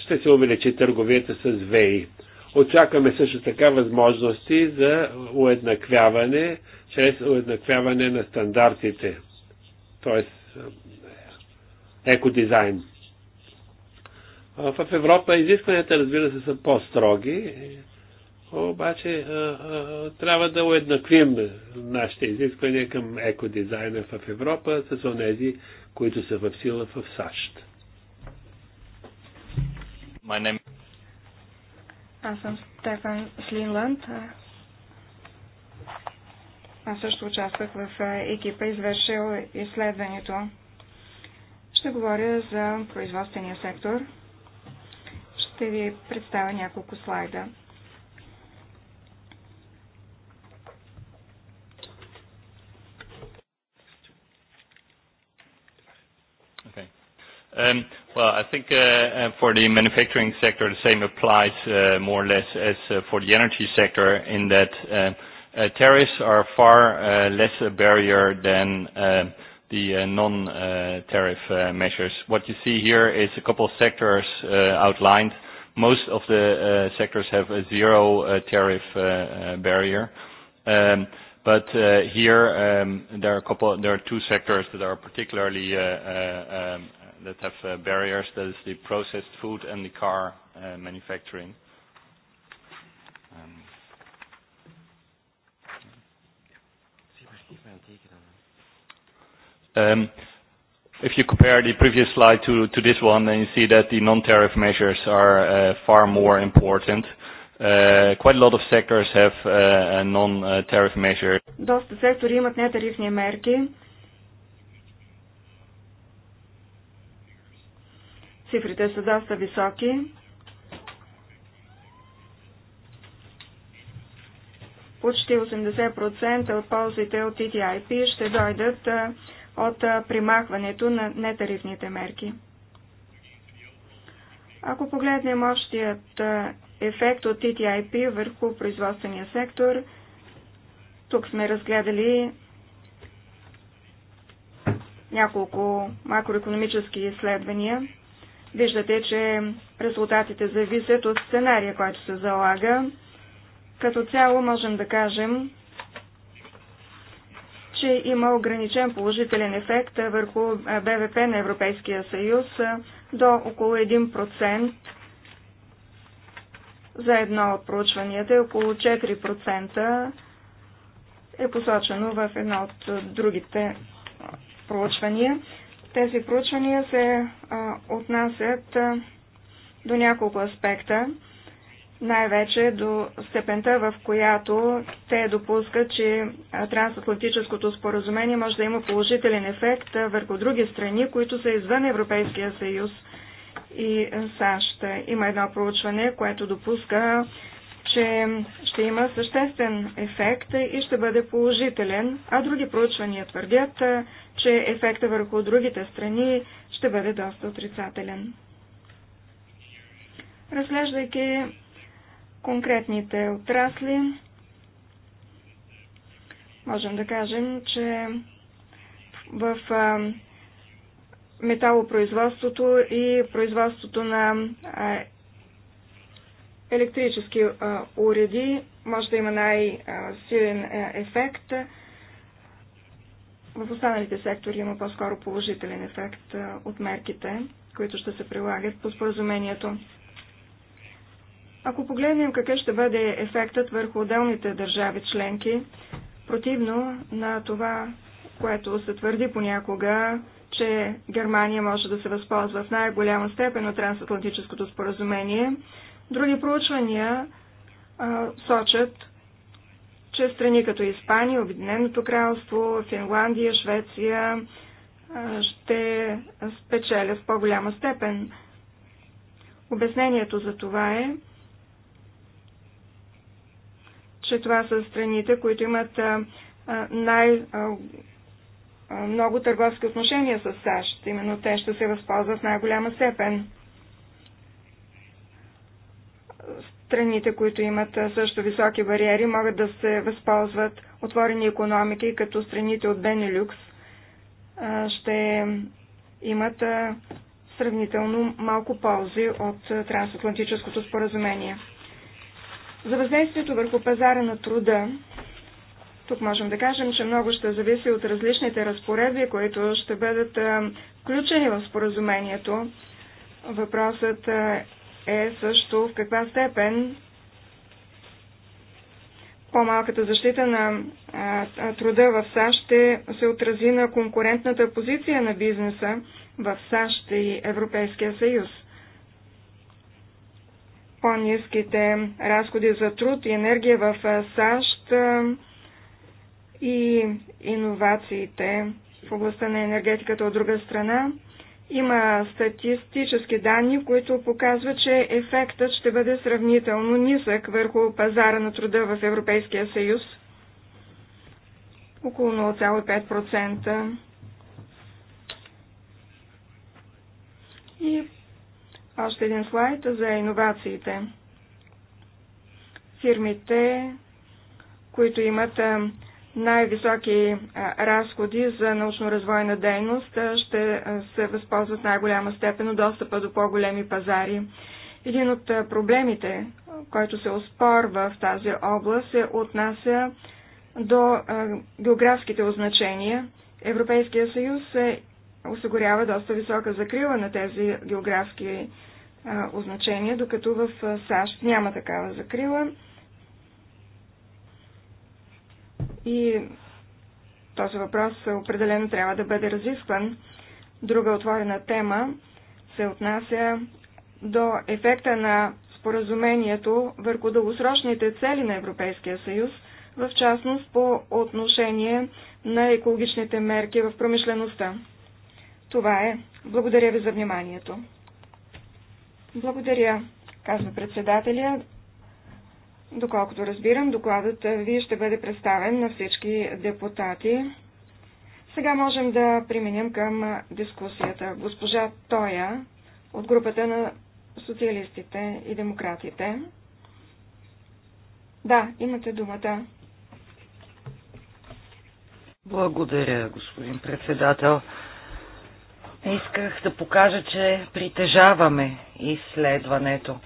Speaker 1: ще се увеличи търговията с ВЕИ. Очакваме също така възможности за уеднаквяване, чрез уеднаквяване на стандартите, т.е. екодизайн. В Европа изискванията, разбира се, са по-строги обаче трябва да уеднаквим нашите изисквания към екодизайна в Европа с онези,
Speaker 4: които са в сила в САЩ. Name...
Speaker 2: Аз съм Стефан Слинланд. Аз също участвах в екипа, извършил изследването. Ще говоря за производствения сектор. Ще ви представя няколко слайда.
Speaker 4: Well, I think for the manufacturing sector, the same applies more or less as for the energy sector in that tariffs are far less a barrier than the non-tariff measures. What you see here is a couple of sectors outlined. Most of the sectors have a zero tariff barrier. But Here, there are two sectors that are particularly that have uh barriers. That is the processed food and the car uh manufacturing. Um If you compare the previous slide to to this one, then you see that the non-tariff measures are uh far more important. Uh Quite a lot of sectors have uh non-tariff measures.
Speaker 2: Доста сектори имат нетарифни мерки Цифрите са доста високи. Почти 80% от ползите от TTIP ще дойдат от примахването на нетарифните мерки. Ако погледнем общият ефект от TTIP върху производствения сектор, тук сме разгледали няколко макроекономически изследвания. Виждате, че резултатите зависят от сценария, който се залага. Като цяло можем да кажем, че има ограничен положителен ефект върху БВП на Европейския съюз до около 1% за едно от проучванията и е около 4% е посочено в едно от другите проучвания. Тези проучвания се отнасят до няколко аспекта, най-вече до степента, в която те допускат, че трансатлантическото споразумение може да има положителен ефект върху други страни, които са извън Европейския съюз и САЩ. Има едно проучване, което допуска че ще има съществен ефект и ще бъде положителен, а други проучвания твърдят, че ефекта върху другите страни ще бъде доста отрицателен. Разглеждайки конкретните отрасли, можем да кажем, че в металопроизводството и производството на електрически уреди може да има най-силен ефект. В останалите сектори има по-скоро положителен ефект от мерките, които ще се прилагат по споразумението. Ако погледнем какъв ще бъде ефектът върху отделните държави членки, противно на това, което се твърди понякога, че Германия може да се възползва в най-голяма степен от трансатлантическото споразумение, Други проучвания а, сочат, че страни като Испания, Обединеното кралство, Финландия, Швеция а, ще спечелят в по-голяма степен. Обяснението за това е, че това са страните, които имат най-много търговски отношения с САЩ. Именно те ще се възползват в най-голяма степен страните, които имат също високи бариери, могат да се възползват отворени економики, като страните от Бенелюкс ще имат сравнително малко ползи от трансатлантическото споразумение. За въздействието върху пазара на труда, тук можем да кажем, че много ще зависи от различните разпоредби, които ще бъдат включени в споразумението. Въпросът е също в каква степен по-малката защита на а, труда в САЩ се отрази на конкурентната позиция на бизнеса в САЩ и Европейския съюз. По-низките разходи за труд и енергия в САЩ и иновациите в областта на енергетиката от друга страна има статистически данни, които показват, че ефектът ще бъде сравнително нисък върху пазара на труда в Европейския съюз. Около 0,5%. И още един слайд за иновациите. Фирмите, които имат най-високи разходи за научно-развойна дейност ще се възползват най-голяма степен от достъпа до по-големи пазари. Един от проблемите, който се оспорва в тази област, се отнася до географските означения. Европейския съюз се осигурява доста висока закрила на тези географски означения, докато в САЩ няма такава закрила. И този въпрос определено трябва да бъде разискван. Друга отворена тема се отнася до ефекта на споразумението върху дългосрочните цели на Европейския съюз, в частност по отношение на екологичните мерки в промишлеността. Това е. Благодаря ви за вниманието. Благодаря, казва председателя. Доколкото разбирам, докладът ви ще бъде представен на всички депутати. Сега можем да преминем към дискусията. Госпожа Тоя от групата на социалистите и демократите. Да, имате думата.
Speaker 3: Благодаря, господин председател. Исках да покажа, че притежаваме изследването.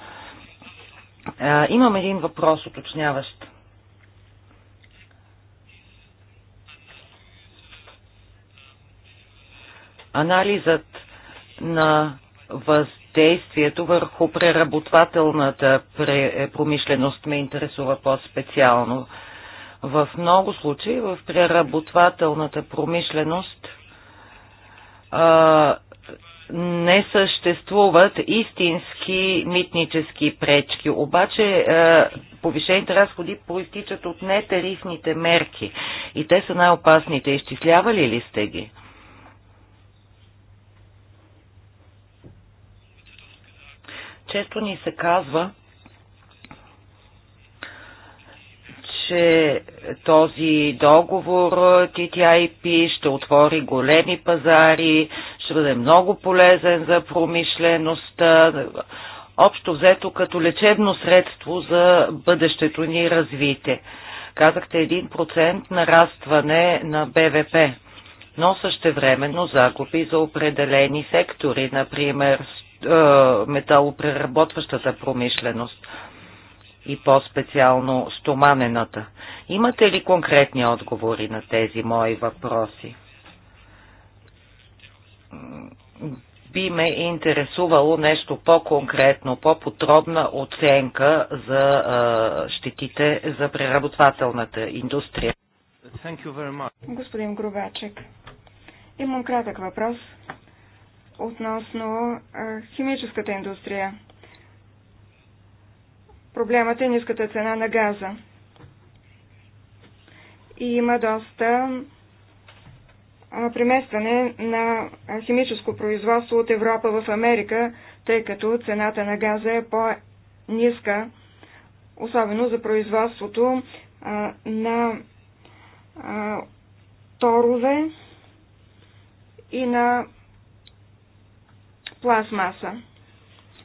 Speaker 3: А, имам един въпрос, уточняващ. Анализът на въздействието върху преработвателната е, промишленост ме интересува по-специално. В много случаи в преработвателната промишленост а, не съществуват истински митнически пречки. Обаче е, повишените разходи проистичат от нетарифните мерки и те са най-опасните. Изчислявали ли сте ги? Често ни се казва, че този договор TTIP ще отвори големи пазари, ще бъде много полезен за промишлеността, общо взето като лечебно средство за бъдещето ни развитие. Казахте 1% нарастване на БВП, но същевременно загуби за определени сектори, например е, металопреработващата промишленост и по-специално стоманената. Имате ли конкретни отговори на тези мои въпроси? би ме интересувало нещо по-конкретно, по-подробна оценка за а, щетите за преработвателната индустрия.
Speaker 2: Господин Грубачек, имам кратък въпрос относно а, химическата индустрия. Проблемът е ниската цена на газа. И има доста преместване на химическо производство от Европа в Америка, тъй като цената на газа е по-ниска, особено за производството на торове и на пластмаса.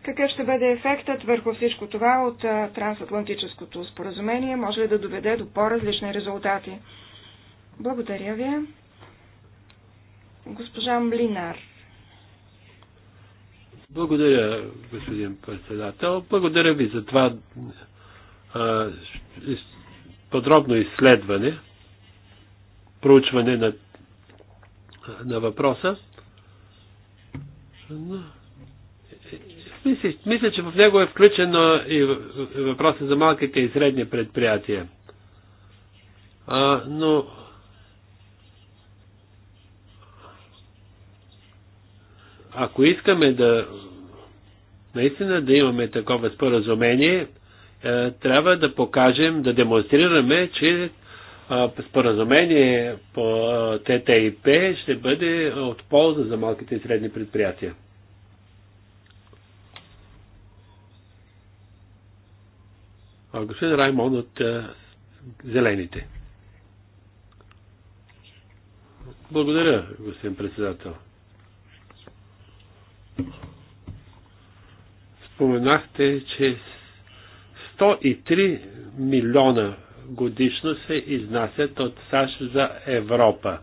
Speaker 2: Какъв ще бъде ефектът върху всичко това от трансатлантическото споразумение? Може ли да доведе до по-различни резултати? Благодаря ви. Госпожа Млинар.
Speaker 1: Благодаря, господин председател. Благодаря ви за това а, подробно изследване, проучване на, на въпроса. Но, мисля, мисля, че в него е включено и въпроса за малките и средни предприятия. А, но Ако искаме да наистина да имаме такова споразумение, е, трябва да покажем, да демонстрираме, че е, споразумение по е, ТТИП ще бъде от полза за малките и средни предприятия. Господин Раймон от Зелените. Благодаря, господин председател. Споменахте, че 103 милиона годишно се изнасят от САЩ за Европа.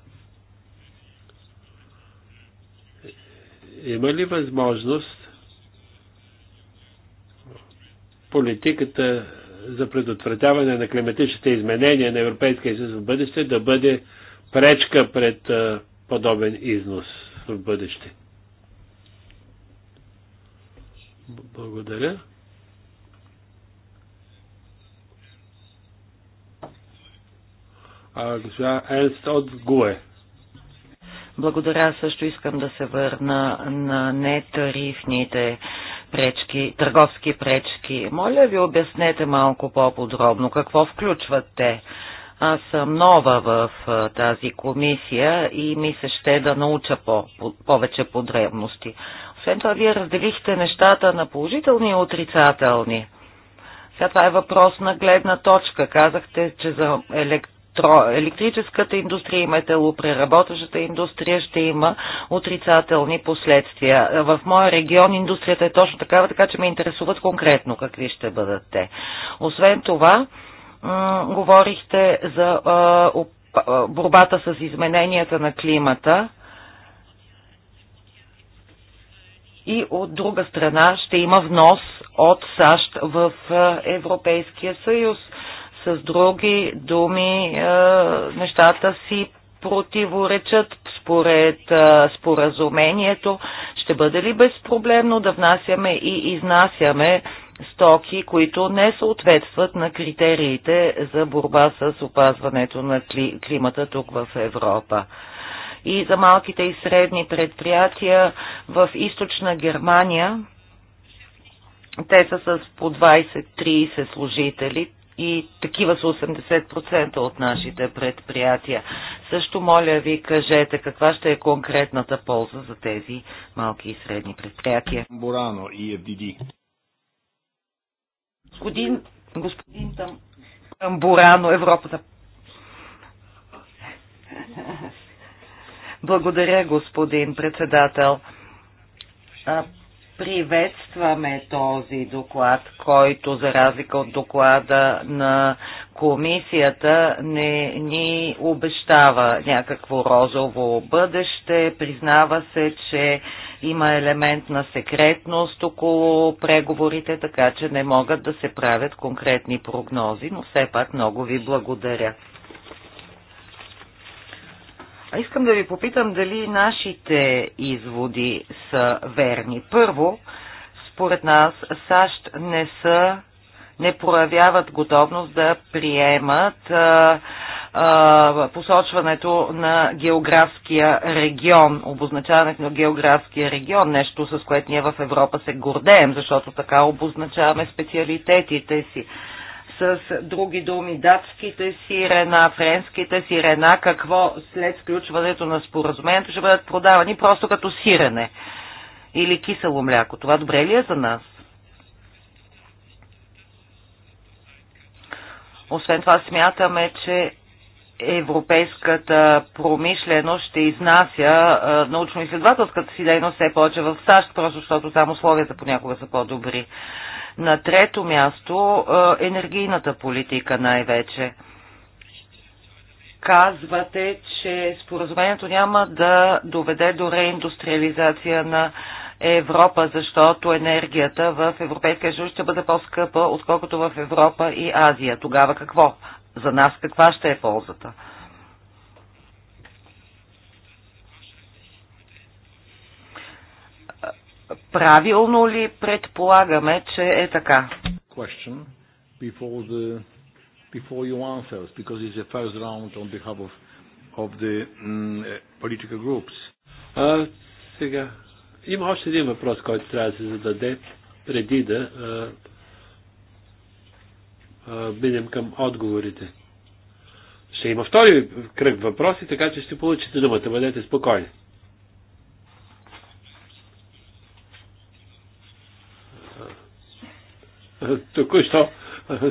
Speaker 1: Има ли възможност политиката за предотвратяване на климатичните изменения на Европейския съюз в бъдеще да бъде пречка пред подобен износ в бъдеще? Благодаря. А, госпожа Ернст от ГУЕ.
Speaker 3: Благодаря. Също искам да се върна на нетарифните пречки, търговски пречки. Моля ви, обяснете малко по-подробно какво включват те. Аз съм нова в тази комисия и ми се ще да науча по, повече подребности. Освен това, вие разделихте нещата на положителни и отрицателни. Сега това е въпрос на гледна точка. Казахте, че за електро, електрическата индустрия и металопреработващата индустрия ще има отрицателни последствия. В моя регион индустрията е точно такава, така че ме интересуват конкретно какви ще бъдат те. Освен това, говорихте за борбата с измененията на климата и от друга страна ще има внос от САЩ в е, Европейския съюз. С други думи, е, нещата си противоречат според е, споразумението. Ще бъде ли безпроблемно да внасяме и изнасяме стоки, които не съответстват на критериите за борба с опазването на климата тук в Европа? и за малките и средни предприятия в източна Германия. Те са с по 20-30 служители и такива са 80% от нашите предприятия. Също моля ви кажете каква ще е конкретната полза за тези малки и средни предприятия.
Speaker 1: Борано и ФДД.
Speaker 3: Господин, господин Там, Бурано, Европата. Благодаря, господин председател. Приветстваме този доклад, който за разлика от доклада на комисията не ни обещава някакво розово бъдеще. Признава се, че има елемент на секретност около преговорите, така че не могат да се правят конкретни прогнози, но все пак много ви благодаря. А Искам да ви попитам дали нашите изводи са верни. Първо, според нас САЩ не са не проявяват готовност да приемат а, а, посочването на географския регион, обозначаването на географския регион, нещо с което ние в Европа се гордеем, защото така обозначаваме специалитетите си с други думи датските сирена, френските сирена, какво след сключването на споразумението ще бъдат продавани просто като сирене или кисело мляко. Това добре ли е за нас? Освен това смятаме, че европейската промишленост ще изнася научно-изследователската си дейност все повече в САЩ, просто защото там условията понякога са по-добри. На трето място енергийната политика най-вече. Казвате, че споразумението няма да доведе до реиндустриализация на Европа, защото енергията в Европейския съюз ще бъде по-скъпа, отколкото в Европа и Азия. Тогава какво? за нас каква ще е ползата. Правилно ли предполагаме, че е така?
Speaker 1: Question before the before you answer because it's the first round on behalf of of the mm, eh, political groups. А, сега има още един въпрос, който трябва да се зададе преди да а, минем към отговорите. Ще има втори кръг въпроси, така че ще получите думата. Бъдете спокойни. Току-що,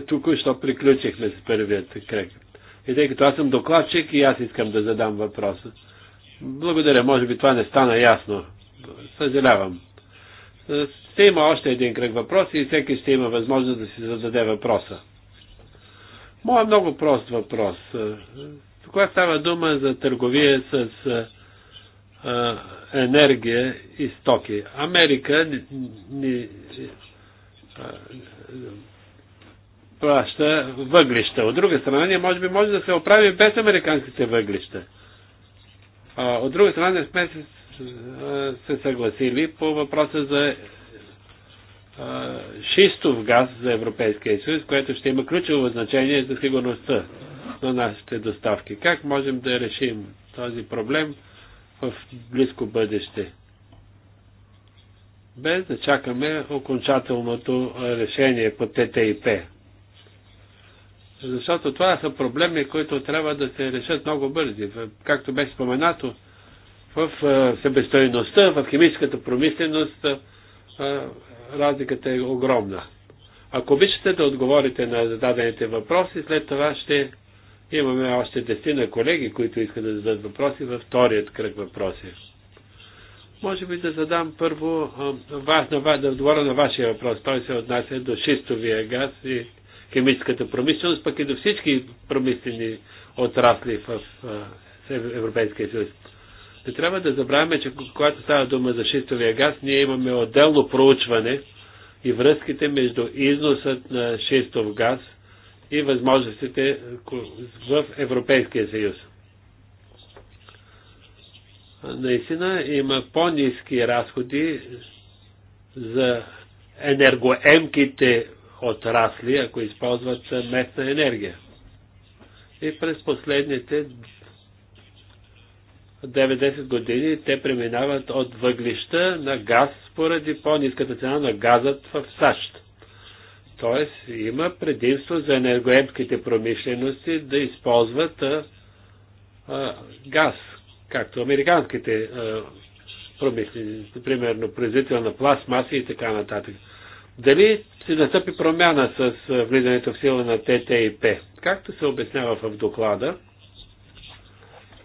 Speaker 1: току-що приключихме с първият кръг. И тъй като аз съм докладчик и аз искам да задам въпроса. Благодаря, може би това не стана ясно. Съжалявам. Ще има още един кръг въпроси и всеки ще има възможност да си зададе въпроса. Моя много прост въпрос. Е, Кога става дума за търговия с е, е, енергия и стоки. Америка ни, ни, плаща въглища. От друга страна, ние може би може да се оправим без американските въглища. А, от друга страна, не сме се, се съгласили по въпроса за шистов газ за Европейския съюз, което ще има ключово значение за сигурността на нашите доставки. Как можем да решим този проблем в близко бъдеще? Без да чакаме окончателното решение по ТТИП. Защото това са проблеми, които трябва да се решат много бързи. Както беше споменато, в себестойността, в химическата промисленост, разликата е огромна. Ако обичате да отговорите на зададените въпроси, след това ще имаме още десетина колеги, които искат да зададат въпроси във вторият кръг въпроси. Може би да задам първо вас, на, да отговоря на вашия въпрос. Той се отнася до шистовия газ и химическата промишленост, пък и до всички промислени отрасли в Европейския съюз. Не трябва да забравяме, че когато става дума за шистовия газ, ние имаме отделно проучване и връзките между износът на шистов газ и възможностите е, в Европейския съюз. Наистина има по-низки разходи за енергоемките отрасли, ако използват местна енергия. И през последните 9-10 години те преминават от въглища на газ поради по-низката цена на газът в САЩ. Тоест има предимство за енергоемките промишлености да използват а, а, газ, както американските а, промишлености, примерно производител на пластмаси и така нататък. Дали се настъпи промяна с влизането в сила на ТТИП? Както се обяснява в доклада,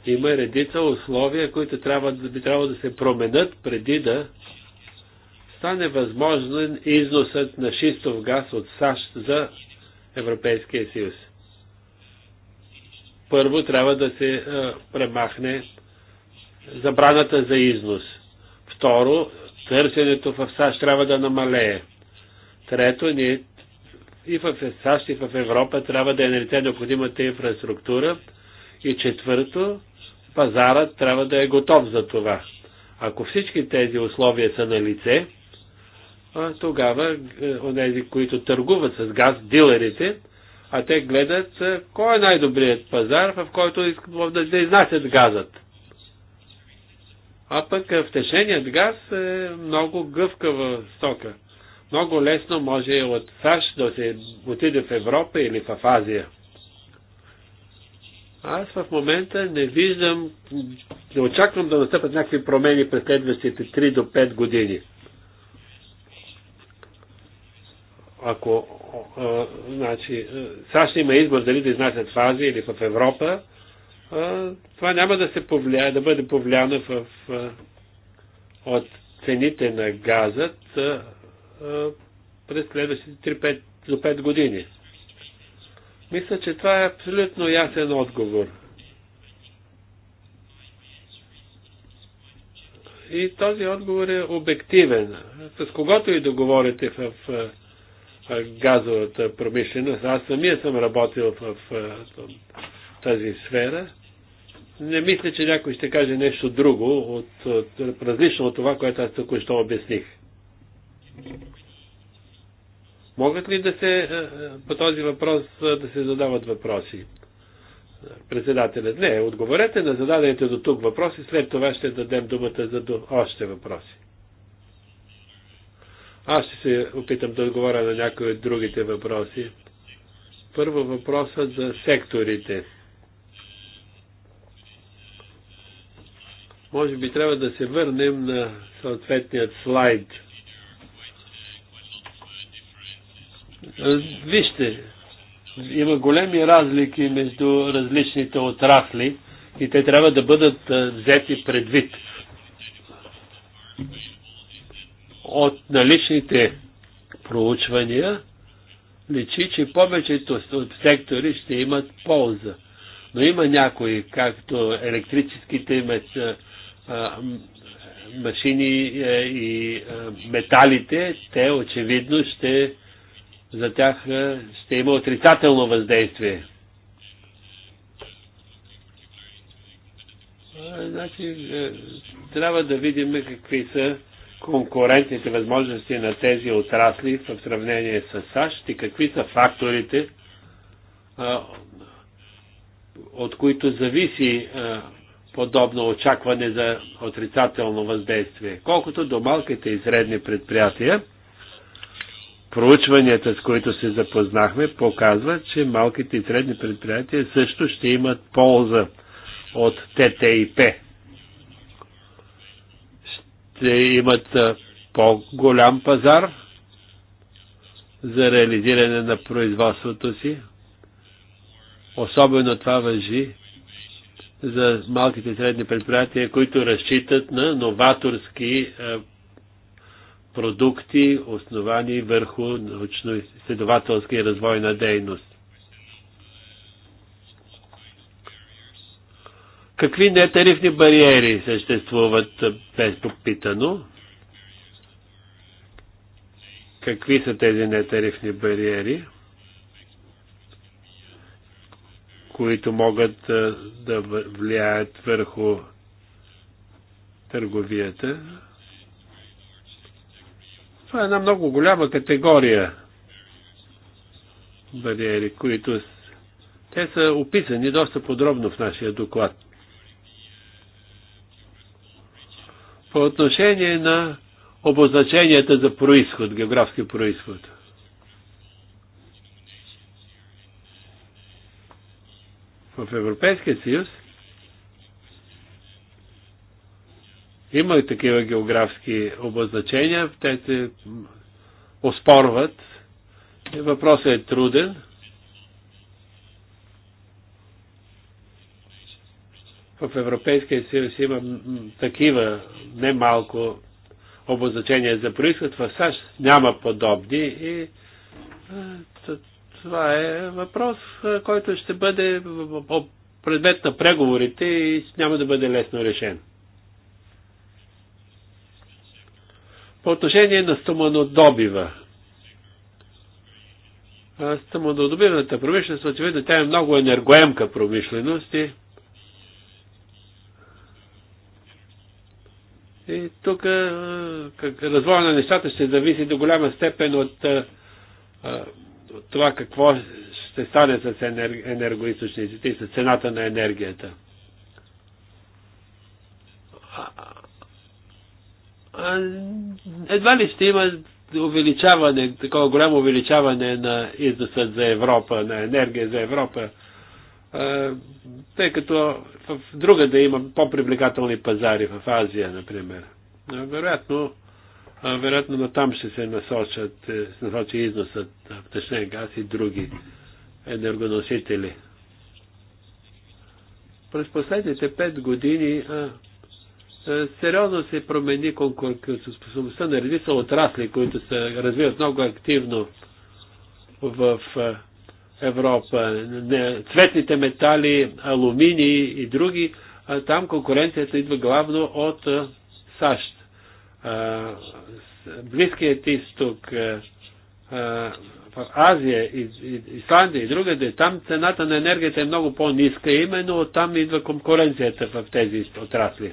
Speaker 1: има редица условия, които трябва, би трябвало да се променят преди да стане възможен износът на шистов газ от САЩ за Европейския съюз. Първо трябва да се премахне забраната за износ. Второ, търсенето в САЩ трябва да намалее. Трето, ние и в САЩ, и в Европа трябва да е налице необходимата инфраструктура. И четвърто, пазарът трябва да е готов за това. Ако всички тези условия са на лице, тогава е, онези, които търгуват с газ, дилерите, а те гледат е, кой е най-добрият пазар, в който искат да изнасят газът. А пък е, втешеният газ е много гъвкава стока. Много лесно може от САЩ да се отиде в Европа или в Азия. Аз в момента не виждам, не очаквам да настъпят някакви промени през следващите 3 до 5 години. Ако а, значи, САЩ има избор дали да изнасят в Азия или в Европа, а, това няма да се повлияе, да бъде повлияно в, а, от цените на газът а, през следващите 3-5 до 5 години. Мисля, че това е абсолютно ясен отговор. И този отговор е обективен. С когото и да говорите в газовата промишленост, аз самия съм работил в тази сфера, не мисля, че някой ще каже нещо друго, от, от, различно от това, което аз току-що обясних. Могат ли да се е, е, по този въпрос е, да се задават въпроси? Председателят, не, отговорете на зададените до тук въпроси, след това ще дадем думата за до още въпроси. Аз ще се опитам да отговоря на някои от другите въпроси. Първо въпросът за секторите. Може би трябва да се върнем на съответният слайд – Вижте, има големи разлики между различните отрасли и те трябва да бъдат взети предвид. От наличните проучвания личи, че повечето от сектори ще имат полза. Но има някои, както електрическите машини е, и металите, те очевидно ще за тях е, ще има отрицателно въздействие. Значи, е, трябва да видим какви са конкурентните възможности на тези отрасли в сравнение с САЩ и какви са факторите, от които зависи подобно очакване за отрицателно въздействие. Колкото до малките и средни предприятия, проучванията, с които се запознахме, показват, че малките и средни предприятия също ще имат полза от ТТИП. Ще имат по-голям пазар за реализиране на производството си. Особено това въжи за малките и средни предприятия, които разчитат на новаторски продукти, основани върху научно-изследователска и развойна дейност. Какви нетарифни бариери съществуват без попитано? Какви са тези нетарифни бариери, които могат да влияят върху търговията? Това е една много голяма категория бариери, които те са описани доста подробно в нашия доклад. По отношение на обозначенията за происход, географски происход. В Европейския съюз Има и такива географски обозначения, те се оспорват. Въпросът е труден. В Европейския съюз има такива немалко обозначения за происход. В САЩ няма подобни и това е въпрос, който ще бъде предмет на преговорите и няма да бъде лесно решен. По отношение на стоманодобива. Стоманодобивната промишленост, очевидно, тя е много енергоемка промишленост и, тук тук развоя на нещата ще зависи до голяма степен от, от това какво ще стане с енергоисточниците и с цената на енергията. едва ли ще има увеличаване, такова голямо увеличаване на износът за Европа, на енергия за Европа, тъй като в друга да има по-привлекателни пазари в Азия, например. Вероятно, вероятно на там ще се насочат, е, се насочи износът на втечнен газ и други енергоносители. През последните пет години е, сериозно се промени конкурентоспособността на редица отрасли, които се развиват много активно в е, Европа. Цветните метали, алумини и други, там конкуренцията идва главно от е, САЩ. Близкият изток, в Азия, Исландия и другаде, там цената на енергията е много по-ниска. Именно оттам идва конкуренцията в тези отрасли.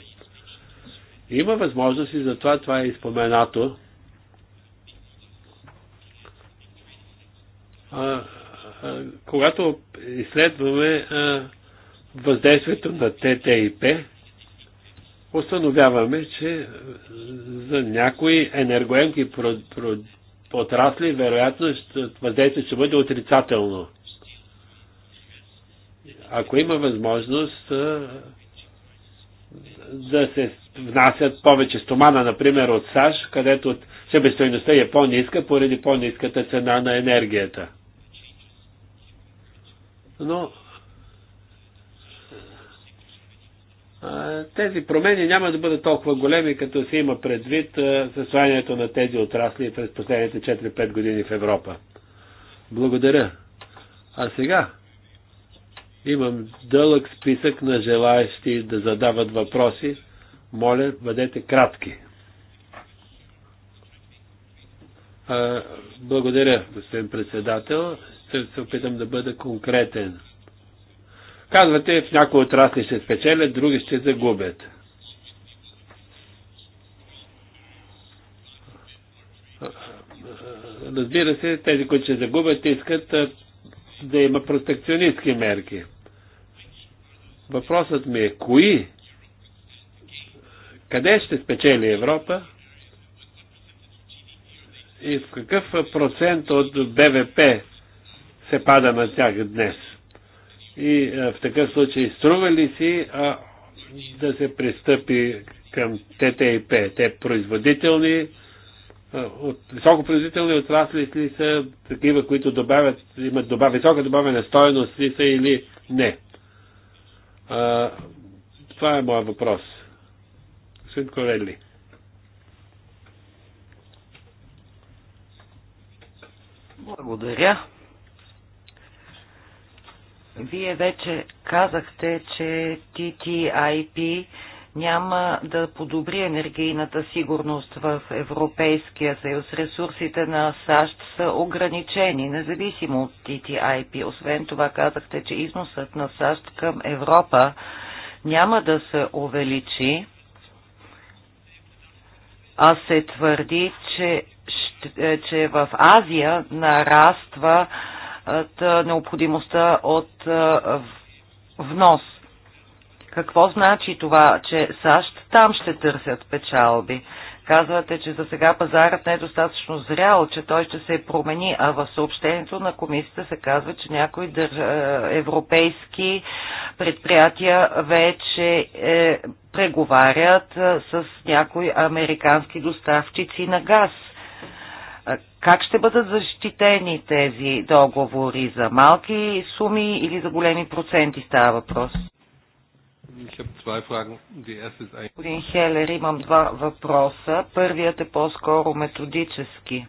Speaker 1: Има възможност и това, е изпоменато. А, а, когато изследваме а, въздействието на ТТИП, установяваме, че за някои енергоемки отрасли, вероятно, въздействието ще бъде отрицателно. Ако има възможност да се внасят повече стомана, например, от САЩ, където себестойността е по-ниска поради по-ниската цена на енергията. Но тези промени няма да бъдат толкова големи, като се има предвид състоянието на тези отрасли през последните 4-5 години в Европа. Благодаря. А сега имам дълъг списък на желаящи да задават въпроси. Моля, бъдете кратки. А, благодаря, господин председател. Ще се опитам да бъда конкретен. Казвате, в някои отрасли ще спечелят, други ще загубят. Разбира се, тези, които ще загубят, искат да има протекционистски мерки. Въпросът ми е, кои къде ще спечели Европа? И в какъв процент от БВП се пада на тях днес? И в такъв случай струва ли си а, да се пристъпи към ТТИП? Те производителни, от високопроизводителни отрасли ли са такива, които добавят, имат добав, висока добавена стоеност ли са или не? А, това е моят въпрос. Господин Корелли.
Speaker 3: Благодаря. Вие вече казахте, че TTIP няма да подобри енергийната сигурност в Европейския съюз. Ресурсите на САЩ са ограничени, независимо от TTIP. Освен това казахте, че износът на САЩ към Европа няма да се увеличи, а се твърди, че, е, че в Азия нараства е, необходимостта от е, внос. Какво значи това, че САЩ там ще търсят печалби? Казвате, че за сега пазарът не е достатъчно зрял, че той ще се промени, а в съобщението на комисията се казва, че някои е, европейски предприятия вече е, преговарят е, с някои американски доставчици на газ. Е, как ще бъдат защитени тези договори? За малки суми или за големи проценти става въпрос? Господин Хелер, имам два въпроса. Първият е по-скоро методически.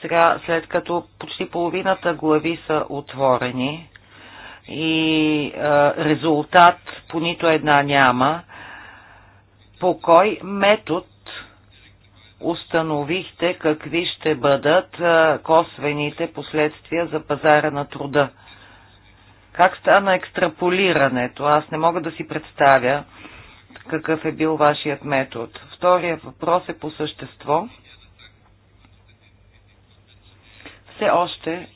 Speaker 3: Сега, след като почти половината глави са отворени и е, резултат по нито една няма, по кой метод установихте какви ще бъдат косвените последствия за пазара на труда? Как стана екстраполирането? Аз не мога да си представя какъв е бил вашият метод. Втория въпрос е по същество. Все още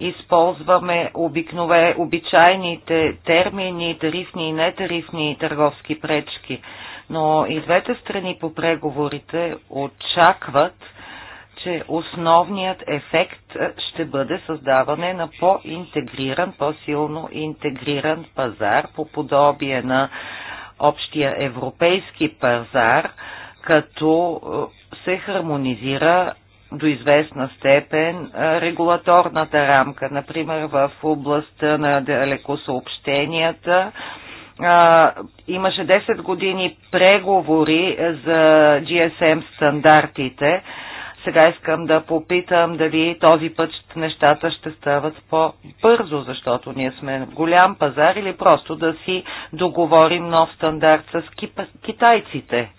Speaker 3: използваме обикнове, обичайните термини, тарифни и нетарифни търговски пречки. Но и двете страни по преговорите очакват че основният ефект е, ще бъде създаване на по-интегриран, по-силно интегриран пазар по подобие на общия европейски пазар, като е, се хармонизира до известна степен е, регулаторната рамка, например в областта на далекосъобщенията. Имаше 10 години преговори за GSM стандартите сега искам да попитам дали този път нещата ще стават по-бързо, защото ние сме голям пазар или просто да си договорим нов стандарт с китайците.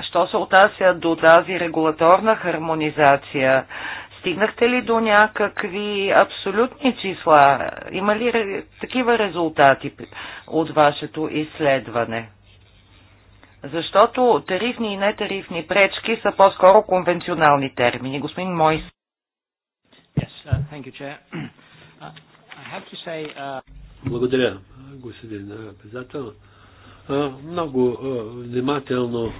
Speaker 3: Що се отнася до тази регулаторна хармонизация, стигнахте ли до някакви абсолютни числа? Има ли такива резултати от вашето изследване? Защото тарифни и нетарифни пречки са по-скоро конвенционални термини. Господин Мойс.
Speaker 1: Yes, uh, you, uh, say, uh... Благодаря, господин uh, председател. Uh, много uh, внимателно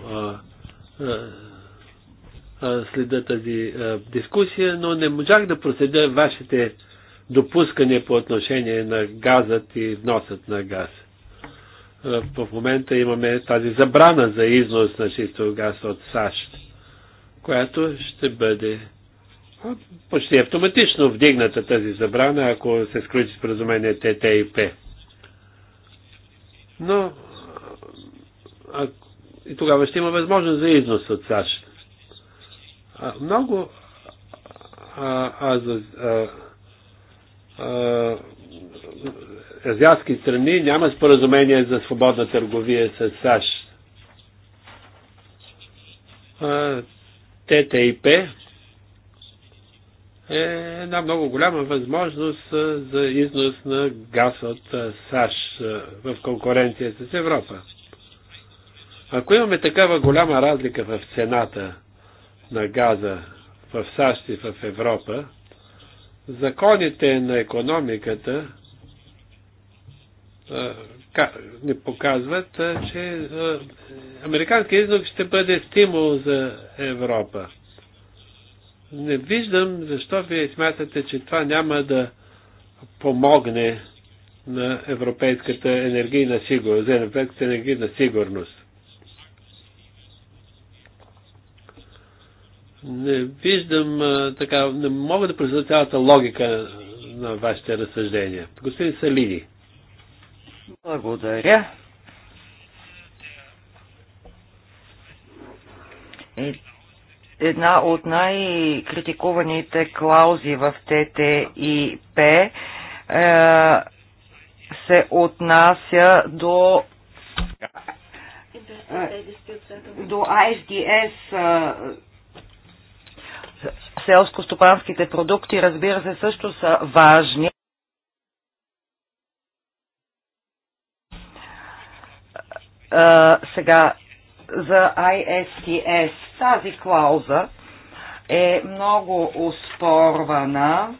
Speaker 1: следа тази дискусия, но не можах да проследя вашите допускания по отношение на газът и вносът на газ в момента имаме тази забрана за износ на шистов газ от САЩ, която ще бъде почти автоматично вдигната тази забрана, ако се сключи споразумение ТТИП. Но а, и тогава ще има възможност за износ от САЩ. А, много а, а, а, а, азиатски страни няма споразумение за свободна търговия с САЩ. ТТИП е една много голяма възможност за износ на газ от САЩ в конкуренция с Европа. Ако имаме такава голяма разлика в цената на газа в САЩ и в Европа, законите на економиката ни показват, че американският изнок ще бъде стимул за Европа. Не виждам защо вие смятате, че това няма да помогне на европейската енергийна сигурност, за европейската енергийна сигурност. Не виждам така, не мога да произведа цялата логика на вашите разсъждения. Господин Салини. Благодаря. Е,
Speaker 3: една от най-критикуваните клаузи в ТТИП е, се отнася до е, до ISDS е, селско-стопанските продукти, разбира се, също са важни. А, сега, за ISTS тази клауза е много успорвана.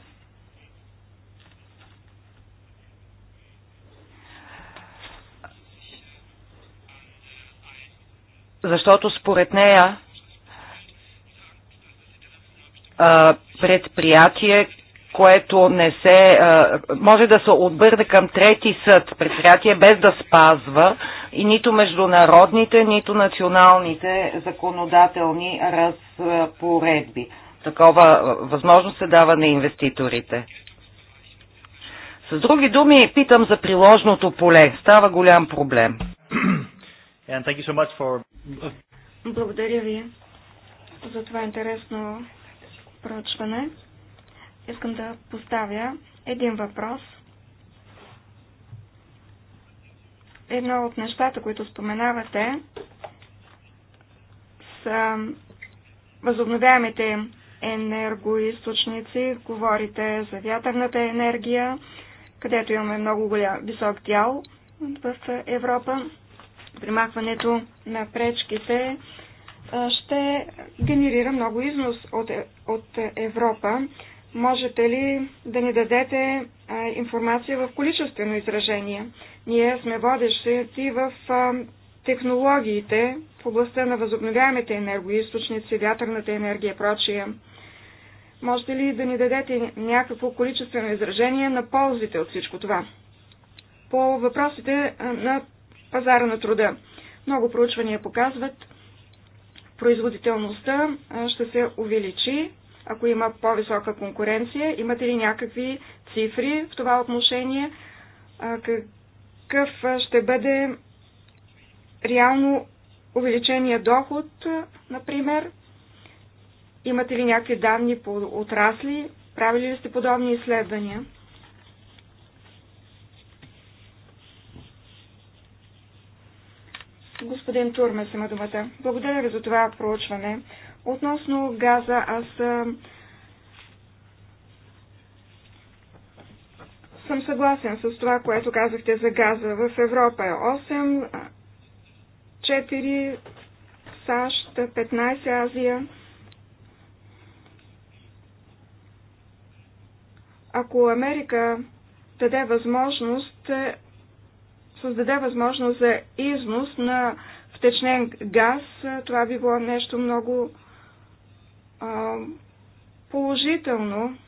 Speaker 3: Защото според нея предприятие, което не се, може да се отбърне към трети съд предприятие без да спазва и нито международните, нито националните законодателни разпоредби. Такова възможност се дава на инвеститорите. С други думи, питам за приложното поле. Става голям проблем.
Speaker 4: So for...
Speaker 2: Благодаря ви за това интересно проучване искам да поставя един въпрос. Едно от нещата, които споменавате, са възобновяемите енергоисточници, говорите за вятърната енергия, където имаме много голям, висок дял в Европа. Примахването на пречките ще генерира много износ от, от Европа можете ли да ни дадете а, информация в количествено изражение? Ние сме водещи в а, технологиите в областта на възобновяемите енергоисточници, вятърната енергия и прочие. Можете ли да ни дадете някакво количествено изражение на ползите от всичко това? По въпросите на пазара на труда. Много проучвания показват, производителността ще се увеличи ако има по-висока конкуренция? Имате ли някакви цифри в това отношение? Какъв ще бъде реално увеличения доход, например? Имате ли някакви данни по отрасли? Правили ли сте подобни изследвания? Господин Турмес има думата. Благодаря ви за това проучване. Относно газа, аз съм съгласен с това, което казахте за газа. В Европа е 8, 4, САЩ, 15 Азия. Ако Америка даде възможност създаде възможност за износ на втечнен газ, това би било нещо много а, положително.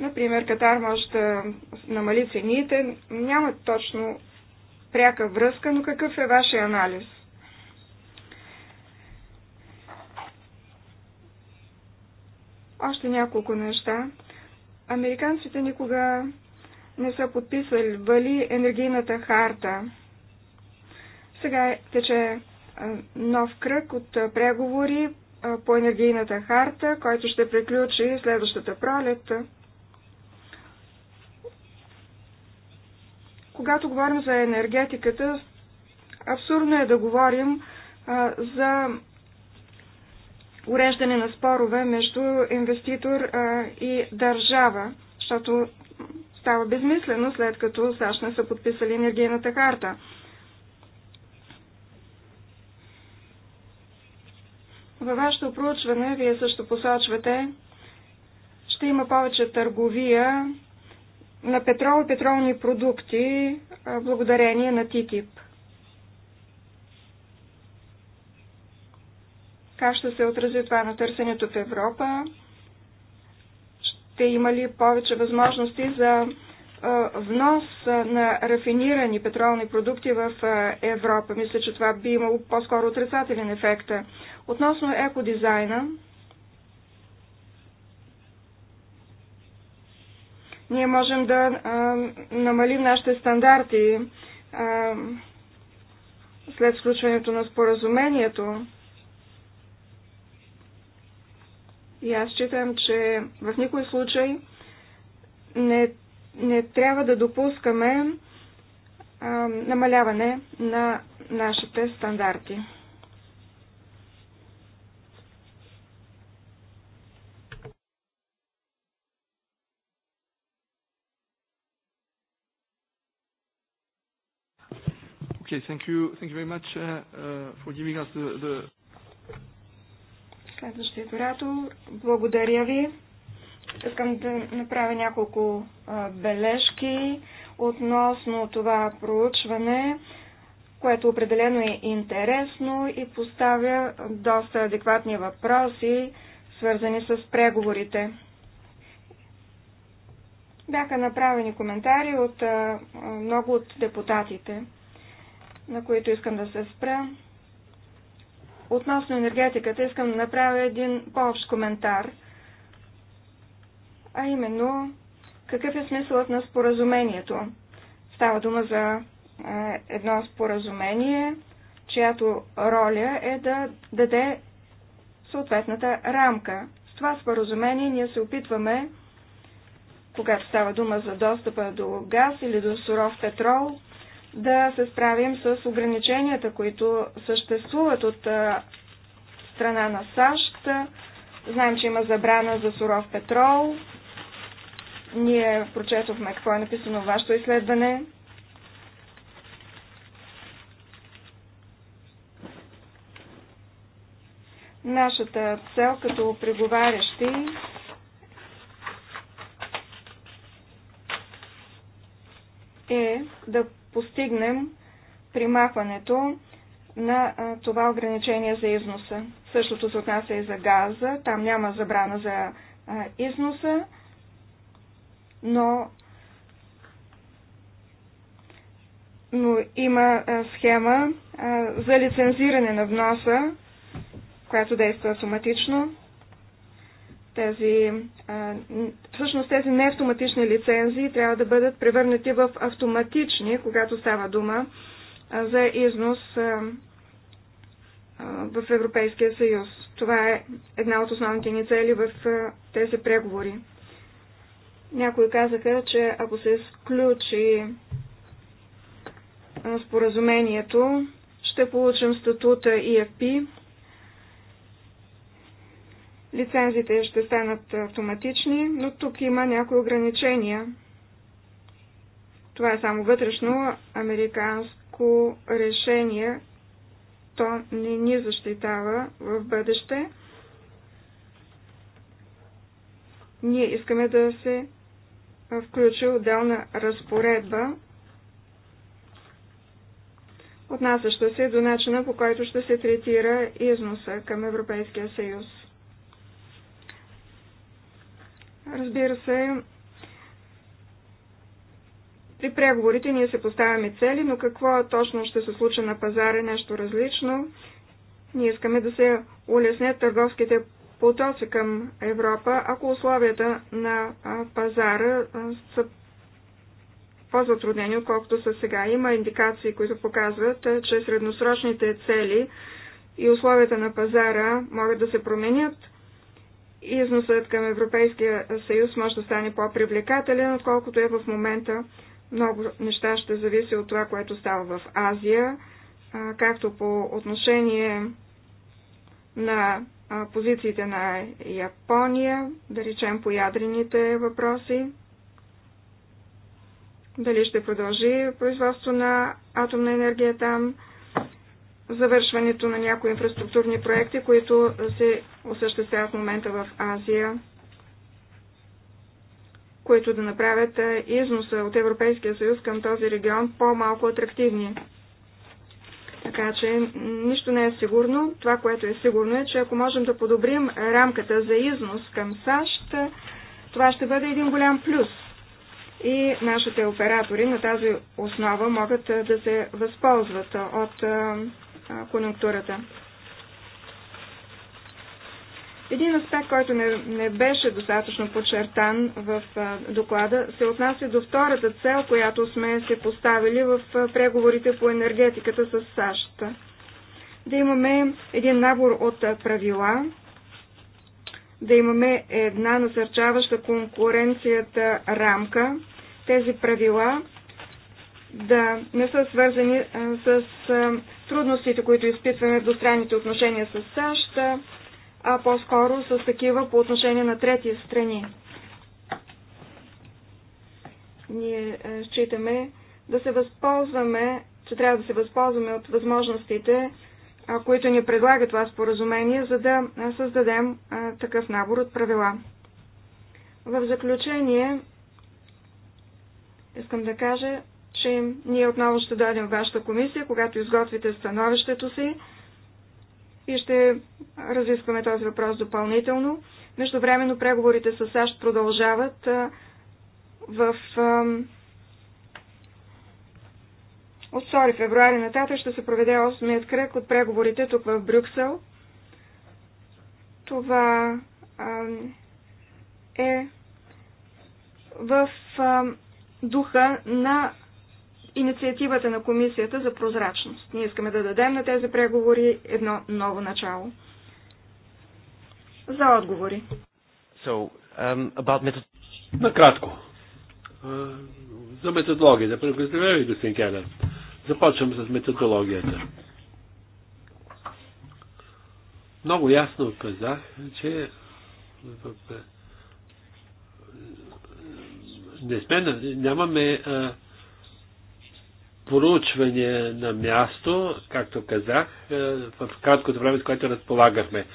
Speaker 2: Например, Катар може да намали цените. Няма точно пряка връзка, но какъв е вашия анализ? Още няколко неща. Американците никога не са подписали енергийната харта. Сега тече нов кръг от преговори по енергийната харта, който ще приключи следващата пролет. Когато говорим за енергетиката, абсурдно е да говорим а, за уреждане на спорове между инвеститор а, и държава, защото става безмислено, след като САЩ не са подписали енергийната карта. Във вашето проучване вие също посочвате, ще има повече търговия на петрол и петролни продукти благодарение на ТИТИП. Как ще се отрази това на търсенето в Европа? сте имали повече възможности за внос на рафинирани петролни продукти в Европа. Мисля, че това би имало по-скоро отрицателен ефект. Относно екодизайна, ние можем да а, намалим нашите стандарти а, след сключването на споразумението. И аз считам, че в никой случай не, не трябва да допускаме а, намаляване на нашите стандарти. Okay, thank you. Thank you very much uh, uh, for giving us the, the Следващият оратор. Благодаря ви. Искам да направя няколко бележки относно това проучване, което определено е интересно и поставя доста адекватни въпроси, свързани с преговорите. Бяха направени коментари от много от депутатите, на които искам да се спра. Относно енергетиката искам да направя един по-общ коментар, а именно какъв е смисълът на споразумението. Става дума за е, едно споразумение, чиято роля е да даде съответната рамка. С това споразумение ние се опитваме, когато става дума за достъпа до газ или до суров петрол, да се справим с ограниченията, които съществуват от страна на САЩ. Знаем, че има забрана за суров петрол. Ние прочетохме какво е написано в вашето изследване. Нашата цел като преговарящи е да постигнем примахването на това ограничение за износа. Същото се отнася и за газа. Там няма забрана за износа, но, но има схема за лицензиране на вноса, която действа автоматично тези, всъщност тези неавтоматични лицензии трябва да бъдат превърнати в автоматични, когато става дума за износ в Европейския съюз. Това е една от основните ни цели в тези преговори. Някои казаха, че ако се изключи споразумението, ще получим статута EFP, Лицензите ще станат автоматични, но тук има някои ограничения. Това е само вътрешно американско решение. То не ни защитава в бъдеще. Ние искаме да се включи отделна разпоредба, отнасяща се до начина по който ще се третира износа към Европейския съюз. Разбира се, при преговорите ние се поставяме цели, но какво точно ще се случи на пазара е нещо различно. Ние искаме да се улеснят търговските потоци към Европа, ако условията на пазара са по-затруднени, отколкото са сега. Има индикации, които показват, че средносрочните цели и условията на пазара могат да се променят износът към Европейския съюз може да стане по-привлекателен, отколкото е в момента. Много неща ще зависи от това, което става в Азия, както по отношение на позициите на Япония, да речем по ядрените въпроси, дали ще продължи производство на атомна енергия там, завършването на някои инфраструктурни проекти, които се осъществяват в момента в Азия, които да направят износа от Европейския съюз към този регион по-малко атрактивни. Така че нищо не е сигурно. Това, което е сигурно е, че ако можем да подобрим рамката за износ към САЩ, това ще бъде един голям плюс. И нашите оператори на тази основа могат да се възползват от конюнктурата. Един аспект, който не, не беше достатъчно подчертан в а, доклада, се отнася до втората цел, която сме се поставили в а, преговорите по енергетиката с САЩ. Да имаме един набор от а, правила, да имаме една насърчаваща конкуренцията рамка. Тези правила да не са свързани а, с а, трудностите, които изпитваме в двустранните отношения с САЩ, а по-скоро с такива по отношение на трети страни. Ние е, считаме да се възползваме, че трябва да се възползваме от възможностите, които ни предлага това споразумение, за да е, създадем е, такъв набор от правила. В заключение, искам да кажа, че ние отново ще дойдем в вашата комисия, когато изготвите становището си и ще разискваме този въпрос допълнително. Междувременно преговорите с САЩ продължават в от 2 февруари нататък ще се проведе 8-ият кръг от преговорите тук в Брюксел. Това е в духа на инициативата на комисията за прозрачност. Ние искаме да дадем на тези преговори едно ново начало. За отговори.
Speaker 1: So, um, about method... Накратко. Uh, за методологията. Поздравя ви, господин Келер. Започвам с методологията. Много ясно казах, че не сме, нямаме а, Проучване на място, както казах, е, в краткото време, с което разполагахме.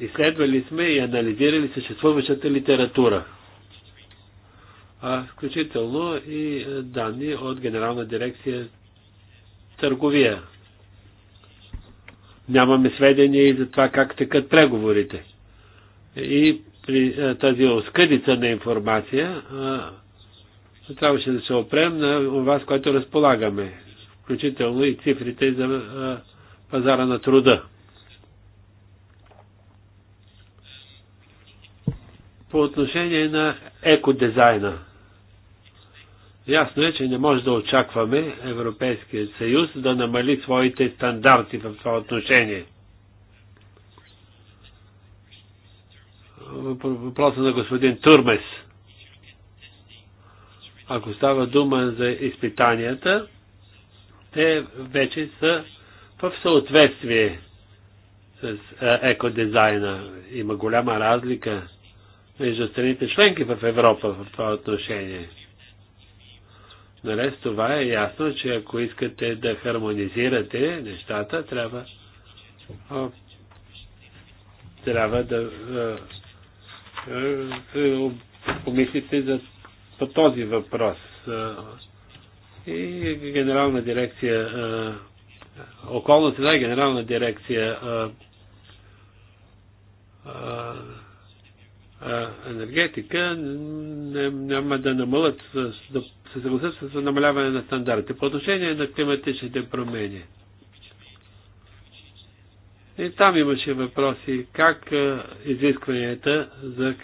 Speaker 1: Изследвали сме и анализирали съществуващата литература, включително и е, данни от Генерална дирекция търговия. Нямаме сведения и за това как текат преговорите. И при е, тази оскъдица на информация трябваше да се опрем на това, с което разполагаме, включително и цифрите за пазара на труда. По отношение на екодизайна. Ясно е, че не може да очакваме Европейския съюз да намали своите стандарти в това отношение. Въпроса на господин Турмес – ако става дума за изпитанията, те вече са в съответствие с е, екодизайна. Има голяма разлика между страните членки в Европа в това отношение. Наред с това е ясно, че ако искате да хармонизирате нещата, трябва, о, трябва да е, е, помислите за по този въпрос. И генерална дирекция околна среда и генерална дирекция енергетика няма да намалят, да се съгласят с намаляване на стандартите. По отношение на климатичните промени. И там имаше въпроси как изискванията за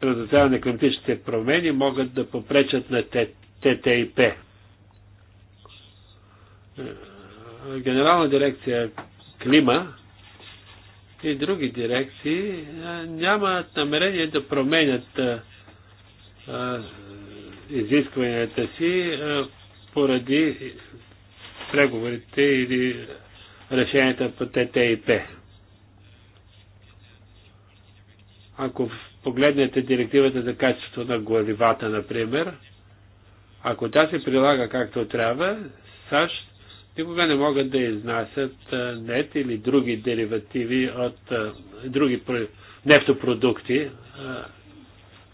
Speaker 1: предотвратяване климатичните промени могат да попречат на ТТИП. Е, Генерална дирекция Клима и други дирекции е, нямат намерение да променят е, изискванията си поради преговорите или решенията по ТТИП. Ако погледнете директивата за качество на горивата, например, ако тя се прилага както трябва, САЩ никога не могат да изнасят нет или други деривативи от други нефтопродукти.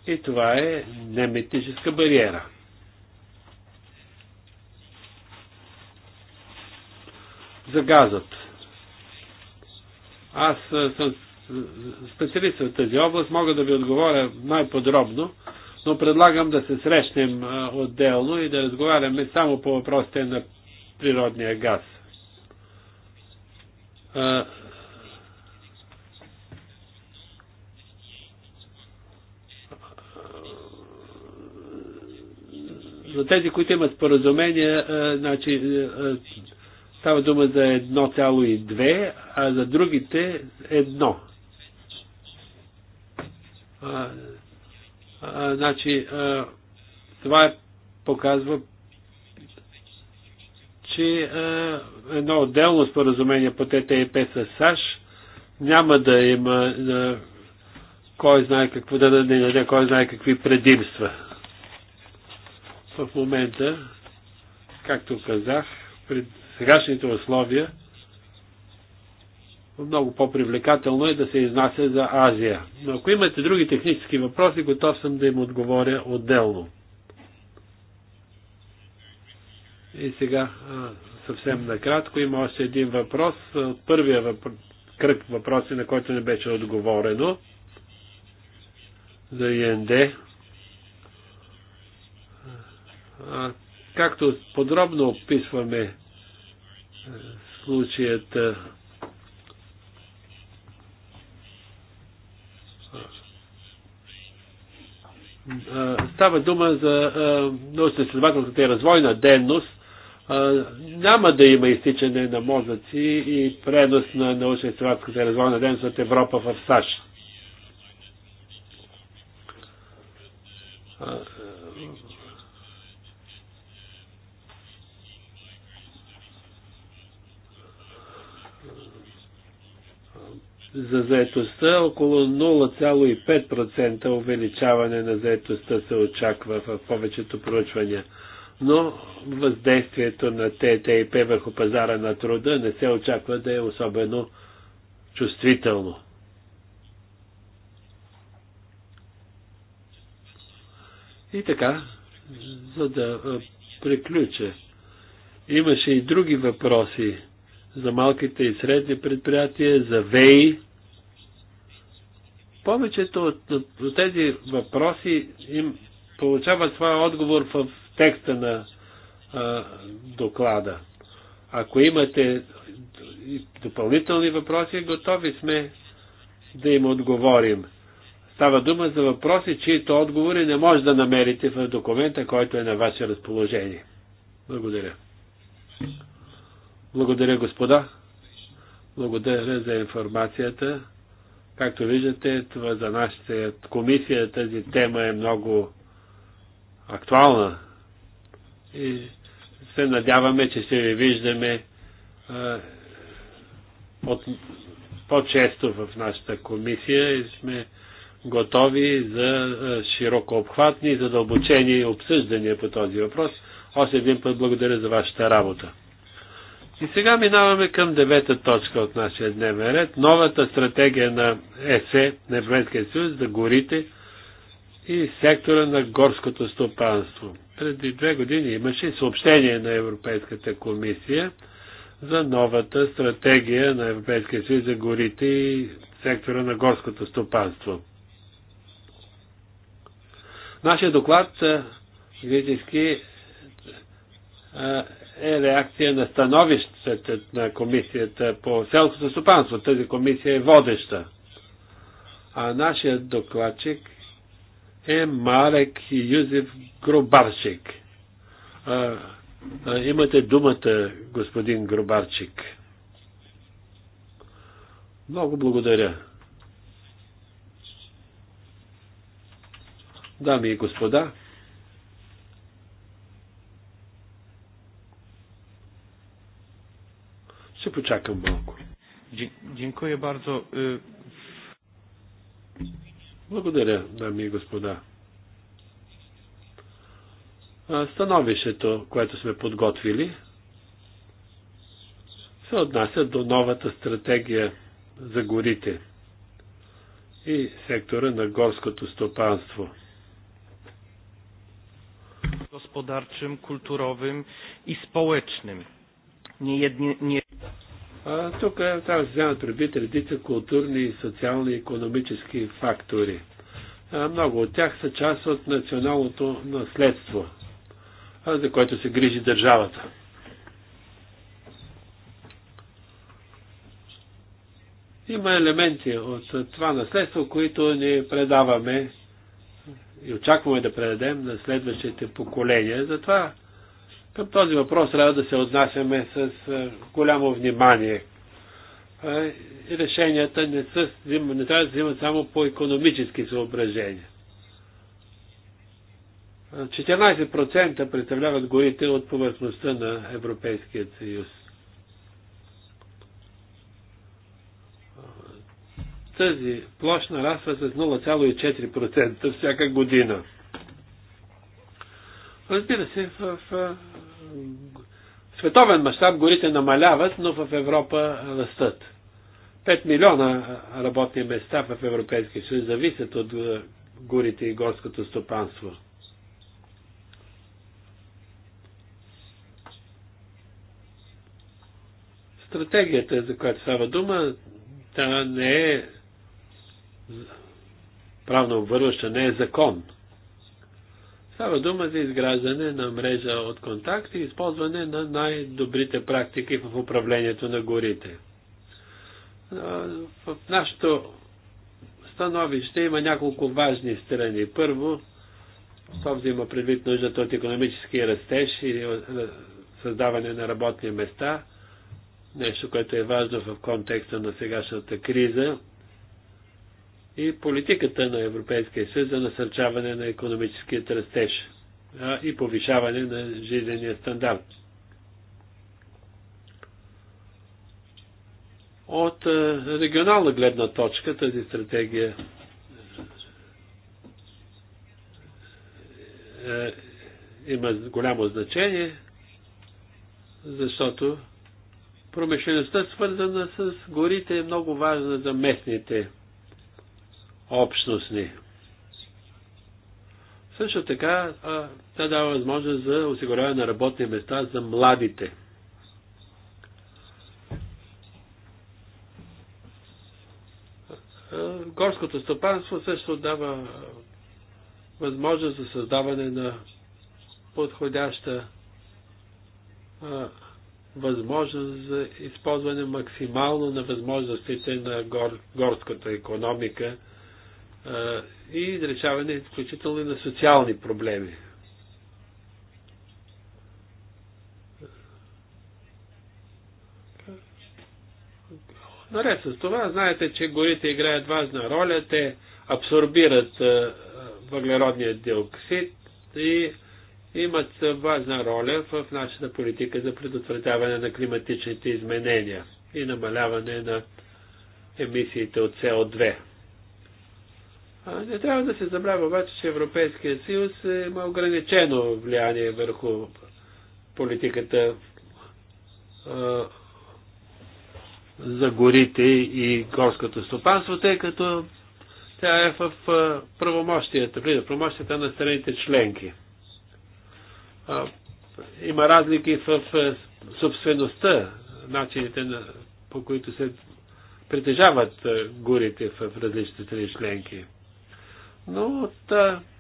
Speaker 1: И това е неметическа бариера. За газът. Аз съм специалист в тази област, мога да ви отговоря най-подробно, но предлагам да се срещнем отделно и да разговаряме само по въпросите на природния газ. За тези, които имат споразумение, значи, става дума за 1,2, а за другите 1 значи, а, това е, показва, че а, едно отделно споразумение по ТТИП с САЩ няма да има а, кой знае какво, да, да не даде кой знае какви предимства. В момента, както казах, при сегашните условия, много по-привлекателно е да се изнася за Азия. Но ако имате други технически въпроси, готов съм да им отговоря отделно. И сега съвсем накратко има още един въпрос. Първия въпрос, кръг въпроси, на който не беше отговорено за ИНД. Както подробно описваме случаят става дума за научно-изследователската и развойна дейност, няма да има изтичане на мозъци и пренос на научна изследователската и развойна дейност от Европа в САЩ. за заетостта. Около 0,5% увеличаване на заетостта се очаква в повечето проучвания. Но въздействието на ТТИП върху пазара на труда не се очаква да е особено чувствително. И така, за да приключа. Имаше и други въпроси за малките и средни предприятия, за ВЕИ. Повечето от, от, от тези въпроси им получават своя отговор в текста на а, доклада. Ако имате допълнителни въпроси, готови сме да им отговорим. Става дума за въпроси, чието отговори не може да намерите в документа, който е на ваше разположение. Благодаря. Благодаря, господа. Благодаря за информацията. Както виждате, това за нашата комисия тази тема е много актуална. И се надяваме, че ще ви виждаме а, от, по-често в нашата комисия и сме готови за широко обхватни и задълбочени обсъждания по този въпрос. Още един път благодаря за вашата работа. И сега минаваме към девета точка от нашия дневен ред. Новата стратегия на ЕСЕ, на Европейския съюз, за горите и сектора на горското стопанство. Преди две години имаше съобщение на Европейската комисия за новата стратегия на Европейския съюз за горите и сектора на горското стопанство. Нашия доклад фактически е реакция на становището на комисията по селското стопанство. Тази комисия е водеща. А нашият докладчик е Марек Юзеф Грубарчик. А, а, имате думата, господин Грубарчик. Много благодаря. Дами и господа, Ще почакам малко. Дякую бардо. Е, Благодаря, дами и господа. Становището, което сме подготвили, се отнася до новата стратегия за горите и сектора на горското стопанство. Gospodarczym, kulturowym i społecznym. Nie, jedni, nie... Тук е, трябва да вземат предвид редица културни, социални и економически фактори. Много от тях са част от националното наследство, за което се грижи държавата. Има елементи от това наследство, които ни предаваме и очакваме да предадем на следващите поколения. Затова към този въпрос трябва да се отнасяме с е, голямо внимание. Е, решенията не, са, не трябва да се взимат само по економически съображения. 14% представляват горите от повърхността на Европейския съюз. Тази площ нараства с 0,4% всяка година. Разбира се, в, в световен мащаб горите намаляват, но в Европа растат. 5 милиона работни места в Европейския съюз зависят от горите и горското стопанство. Стратегията, за която става дума, тя не е правно обвързваща, не е закон. Става дума за изграждане на мрежа от контакти и използване на най-добрите практики в управлението на горите. В нашето становище има няколко важни страни. Първо, то взима предвид нуждата от економически растеж и създаване на работни места, нещо, което е важно в контекста на сегашната криза – и политиката на Европейския съюз за насърчаване на економическият растеж и повишаване на жизнения стандарт. От регионална гледна точка тази стратегия е, има голямо значение, защото промишлеността, свързана с горите, е много важна за местните общностни. Също така, това тя дава възможност за осигуряване на работни места за младите. Горското стопанство също дава възможност за създаване на подходяща възможност за използване максимално на възможностите на гор, горската економика и решаване включително и на социални проблеми. Наред с това, знаете, че горите играят важна роля. Те абсорбират въглеродния диоксид и имат важна роля в нашата политика за предотвратяване на климатичните изменения и намаляване на емисиите от СО2. Не трябва да се забравя обаче, че Европейския съюз има е ограничено влияние върху политиката а, за горите и горското стопанство, тъй като тя е в правомощията, в правомощията на страните членки. А, има разлики в собствеността, начините на, по които се притежават горите в различните страни членки. Но от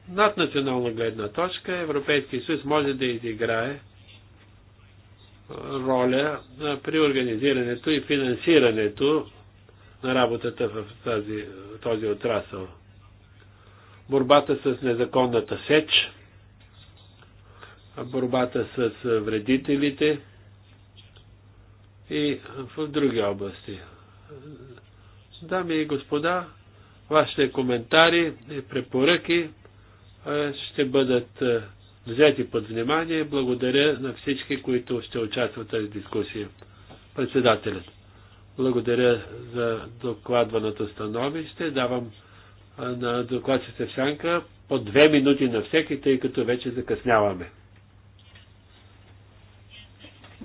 Speaker 1: наднационална гледна точка Европейския съюз може да изиграе роля при организирането и финансирането на работата в тази, този отрасъл. Борбата с незаконната сеч, борбата с вредителите и в други области. Дами и господа, Вашите коментари и препоръки е, ще бъдат е, взети под внимание. Благодаря на всички, които ще участват в тази дискусия. Председателят. Благодаря за докладваното становище. Давам е, на докладчица Шанка по две минути на всеки, тъй като вече закъсняваме.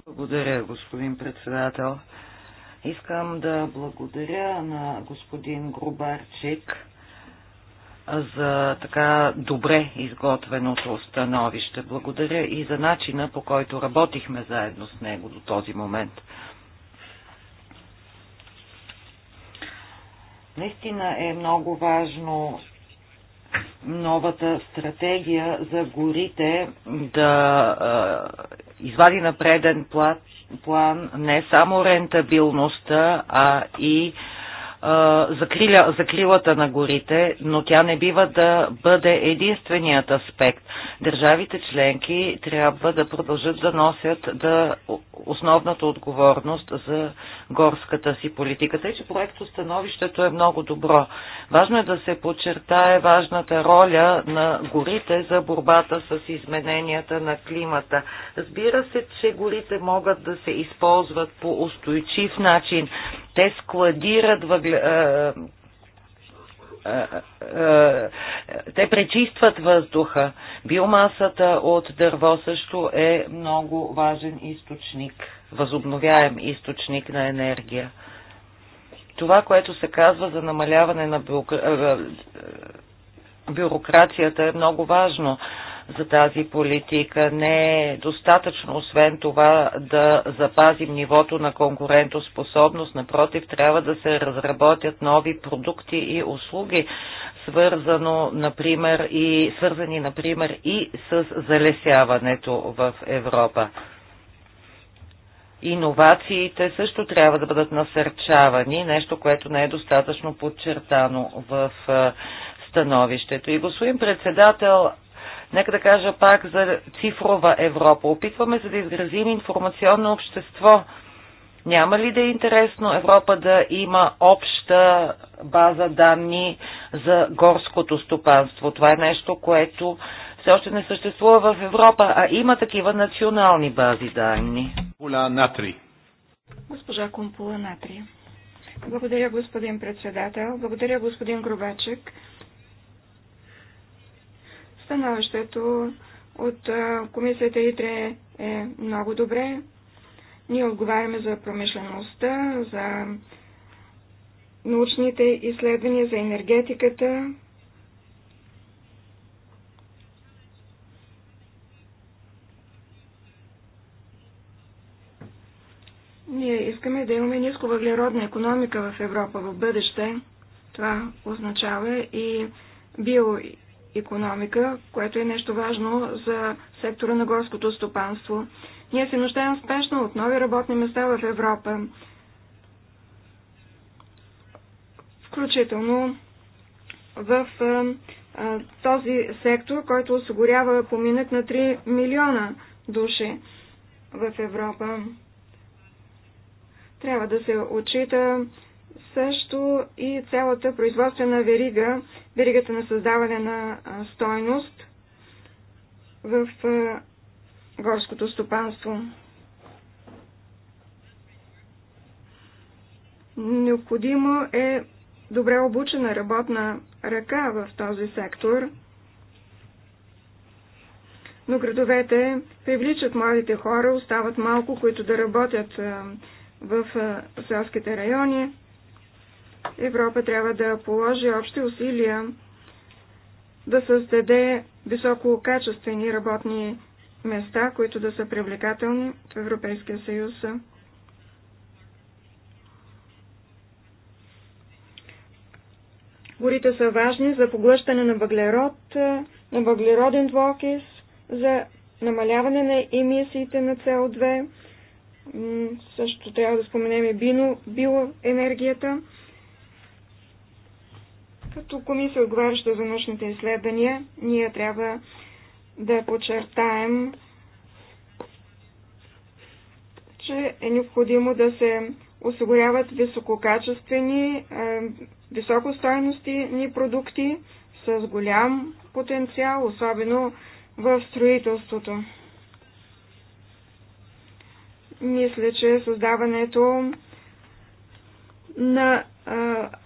Speaker 3: Благодаря, господин председател. Искам да благодаря на господин Грубарчик за така добре изготвеното становище. Благодаря и за начина по който работихме заедно с него до този момент. Наистина е много важно новата стратегия за горите да извади на преден плат план не само рентабилността, а и закриля, закрилата на горите, но тя не бива да бъде единственият аспект. Държавите членки трябва да продължат да носят да основната отговорност за горската си политика. Тъй, че проекто становището е много добро. Важно е да се подчертае важната роля на горите за борбата с измененията на климата. Разбира се, че горите могат да се използват по устойчив начин. Те складират въглероден е, е, е, те пречистват въздуха. Биомасата от дърво също е много важен източник, възобновяем източник на енергия. Това, което се казва за намаляване на бюрокрацията е много важно за тази политика. Не е достатъчно, освен това, да запазим нивото на конкурентоспособност. Напротив, трябва да се разработят нови продукти и услуги, свързано, например, и, свързани, например, и с залесяването в Европа. Иновациите също трябва да бъдат насърчавани, нещо, което не е достатъчно подчертано в становището. И господин председател, Нека да кажа пак за цифрова Европа. Опитваме се да изгразим информационно общество. Няма ли да е интересно Европа да има обща база данни за горското стопанство? Това е нещо, което все още не съществува в Европа, а има такива национални бази данни. Кула Натри.
Speaker 2: Госпожа Кумпула Натри. Благодаря, господин председател. Благодаря, господин Гробачек. Становището от комисията ИТРЕ е много добре. Ние отговаряме за промишлеността, за научните изследвания, за енергетиката. Ние искаме да имаме ниско въглеродна економика в Европа в бъдеще. Това означава и био економика, което е нещо важно за сектора на горското стопанство. Ние се нуждаем спешно от нови работни места в Европа, включително в а, а, този сектор, който осигурява поминък на 3 милиона души в Европа. Трябва да се отчита също и цялата производствена верига, веригата на създаване на стойност в горското стопанство. Необходимо е добре обучена работна ръка в този сектор, но градовете привличат младите хора, остават малко, които да работят в селските райони. Европа трябва да положи общи усилия да създаде висококачествени работни места, които да са привлекателни в Европейския съюз. Горите са важни за поглъщане на въглерод, на въглероден двокис, за намаляване на емисиите на CO2. Също трябва да споменем и бино, биоенергията. Като комисия, отговаряща за научните изследвания, ние трябва да подчертаем, че е необходимо да се осигуряват висококачествени, е, високостойностни продукти с голям потенциал, особено в строителството. Мисля, че създаването на е,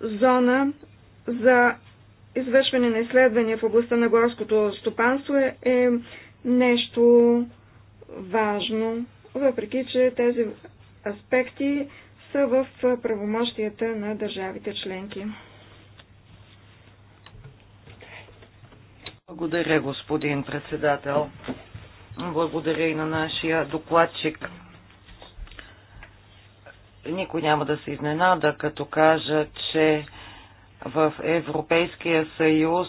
Speaker 2: зона за извършване на изследвания в областта на горското стопанство е, е нещо важно, въпреки че тези аспекти са в правомощията на държавите членки.
Speaker 3: Благодаря, господин председател. Благодаря и на нашия докладчик никой няма да се изненада, като кажа, че в Европейския съюз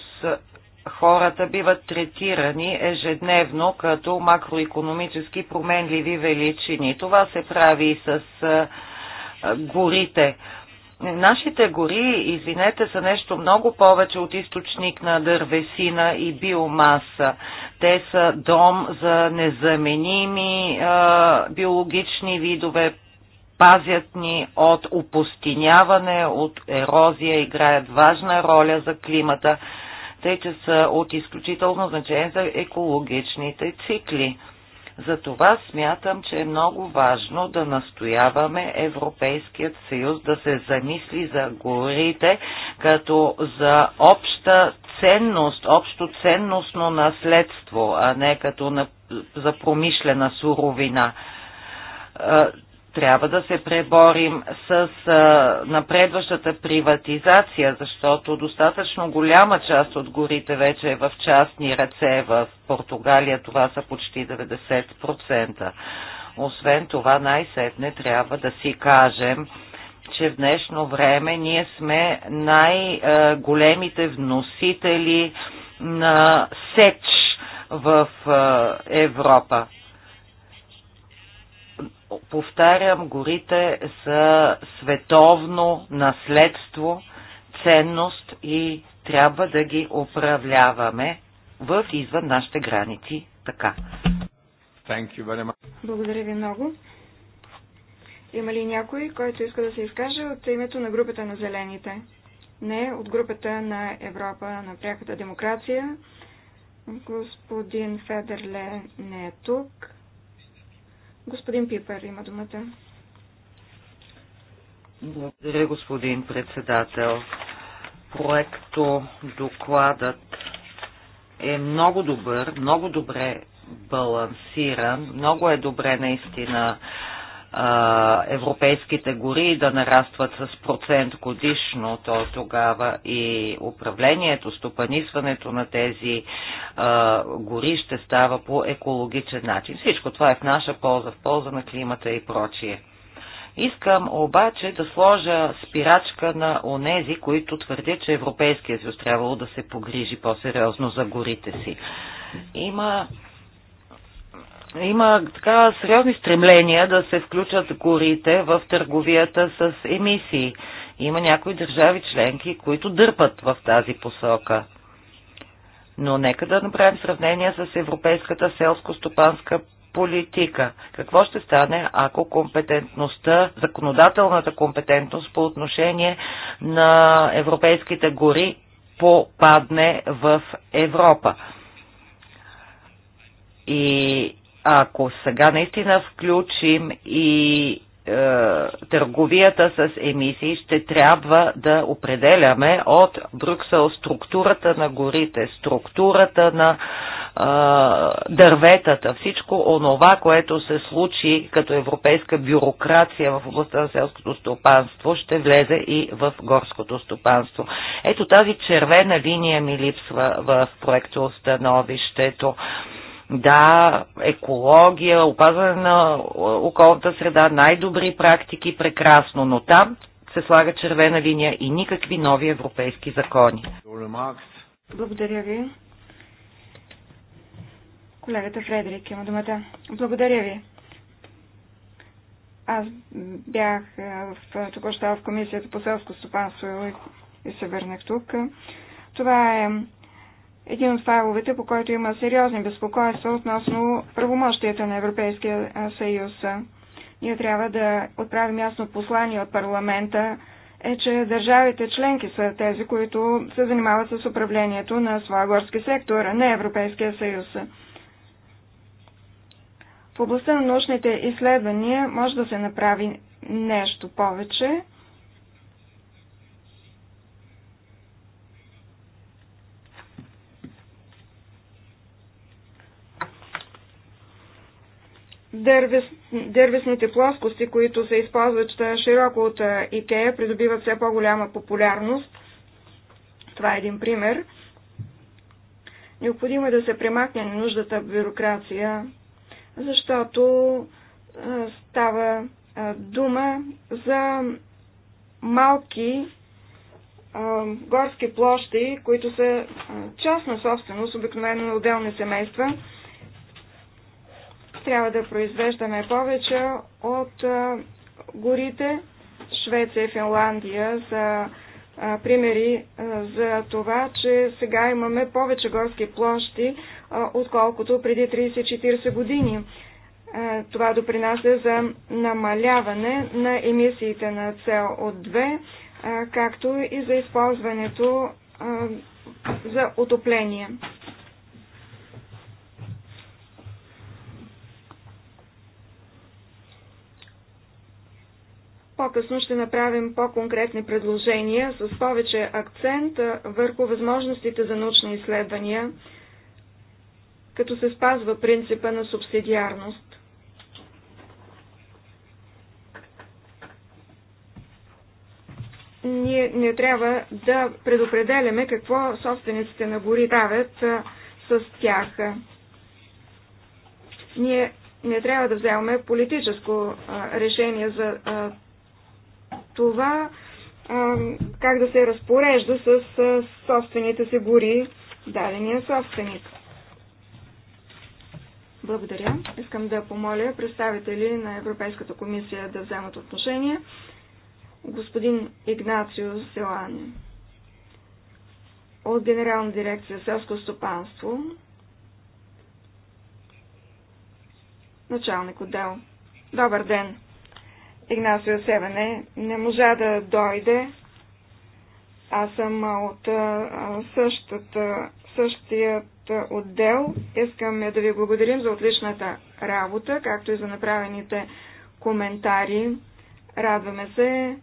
Speaker 3: хората биват третирани ежедневно като макроекономически променливи величини. Това се прави и с горите. Нашите гори, извинете, са нещо много повече от източник на дървесина и биомаса. Те са дом за незаменими а, биологични видове, пазят ни от опустиняване, от ерозия, играят важна роля за климата, тъй че са от изключително значение за екологичните цикли. Затова смятам, че е много важно да настояваме Европейският съюз да се замисли за горите като за обща ценност, общо ценностно наследство, а не като на, за промишлена суровина. Трябва да се преборим с напредващата приватизация, защото достатъчно голяма част от горите вече е в частни ръце. В Португалия това са почти 90%. Освен това, най-сетне трябва да си кажем, че в днешно време ние сме най-големите вносители на сеч в Европа повтарям, горите са световно наследство, ценност и трябва да ги управляваме в извън нашите граници. Така.
Speaker 2: Благодаря ви много. Има ли някой, който иска да се изкаже от името на групата на зелените? Не, от групата на Европа на пряката демокрация. Господин Федерле не е тук. Господин Пипер има думата.
Speaker 3: Благодаря, господин председател. Проекто докладът е много добър, много добре балансиран, много е добре наистина европейските гори да нарастват с процент годишно, то тогава и управлението, стопанисването на тези а, гори ще става по екологичен начин. Всичко това е в наша полза, в полза на климата и прочие. Искам обаче да сложа спирачка на онези, които твърдят, че Европейския съюз трябвало да се погрижи по-сериозно за горите си. Има има така сериозни стремления да се включат горите в търговията с емисии. Има някои държави членки, които дърпат в тази посока. Но нека да направим сравнение с европейската селско-стопанска политика. Какво ще стане, ако компетентността, законодателната компетентност по отношение на европейските гори попадне в Европа? И ако сега наистина включим и е, търговията с емисии ще трябва да определяме от Брюксел структурата на горите, структурата на е, дърветата, всичко онова, което се случи като европейска бюрокрация в областта на селското стопанство, ще влезе и в горското стопанство. Ето тази червена линия ми липсва в проекто становището. Да, екология, опазване на околната среда, най-добри практики, прекрасно, но там се слага червена линия и никакви нови европейски закони.
Speaker 2: Благодаря ви. Колегата Фредерик има думата. Благодаря ви. Аз бях в, току-що в Комисията по селско стопанство и се върнах тук. Това е един от файловете, по който има сериозни безпокойства относно правомощията на Европейския съюз. Ние трябва да отправим ясно послание от парламента, е, че държавите членки са тези, които се занимават с управлението на своя горски сектор, а не Европейския съюз. В областта на научните изследвания може да се направи нещо повече, Дервис, дервисните плоскости, които се използват широко от Икея, придобиват все по-голяма популярност. Това е един пример. Необходимо е да се премахне нуждата бюрокрация, защото става дума за малки горски площи, които са частна собственост, обикновено на отделни семейства трябва да произвеждаме повече от горите. Швеция и Финландия са примери за това, че сега имаме повече горски площи, отколкото преди 30-40 години. Това допринася за намаляване на емисиите на от 2 както и за използването за отопление. По-късно ще направим по-конкретни предложения с повече акцент върху възможностите за научни изследвания, като се спазва принципа на субсидиарност. Ние не трябва да предопределяме какво собствениците на гори правят с тях. Ние не трябва да вземаме политическо решение за това как да се разпорежда с собствените си гори дадения собственик. Благодаря. Искам да помоля представители на Европейската комисия да вземат отношение. Господин Игнацио Селани от Генерална дирекция селско стопанство, началник отдел. Добър ден! Игнасио Севене не можа да дойде. Аз съм от същата, същият отдел. Искаме да ви благодарим за отличната работа, както и за направените коментари. Радваме се,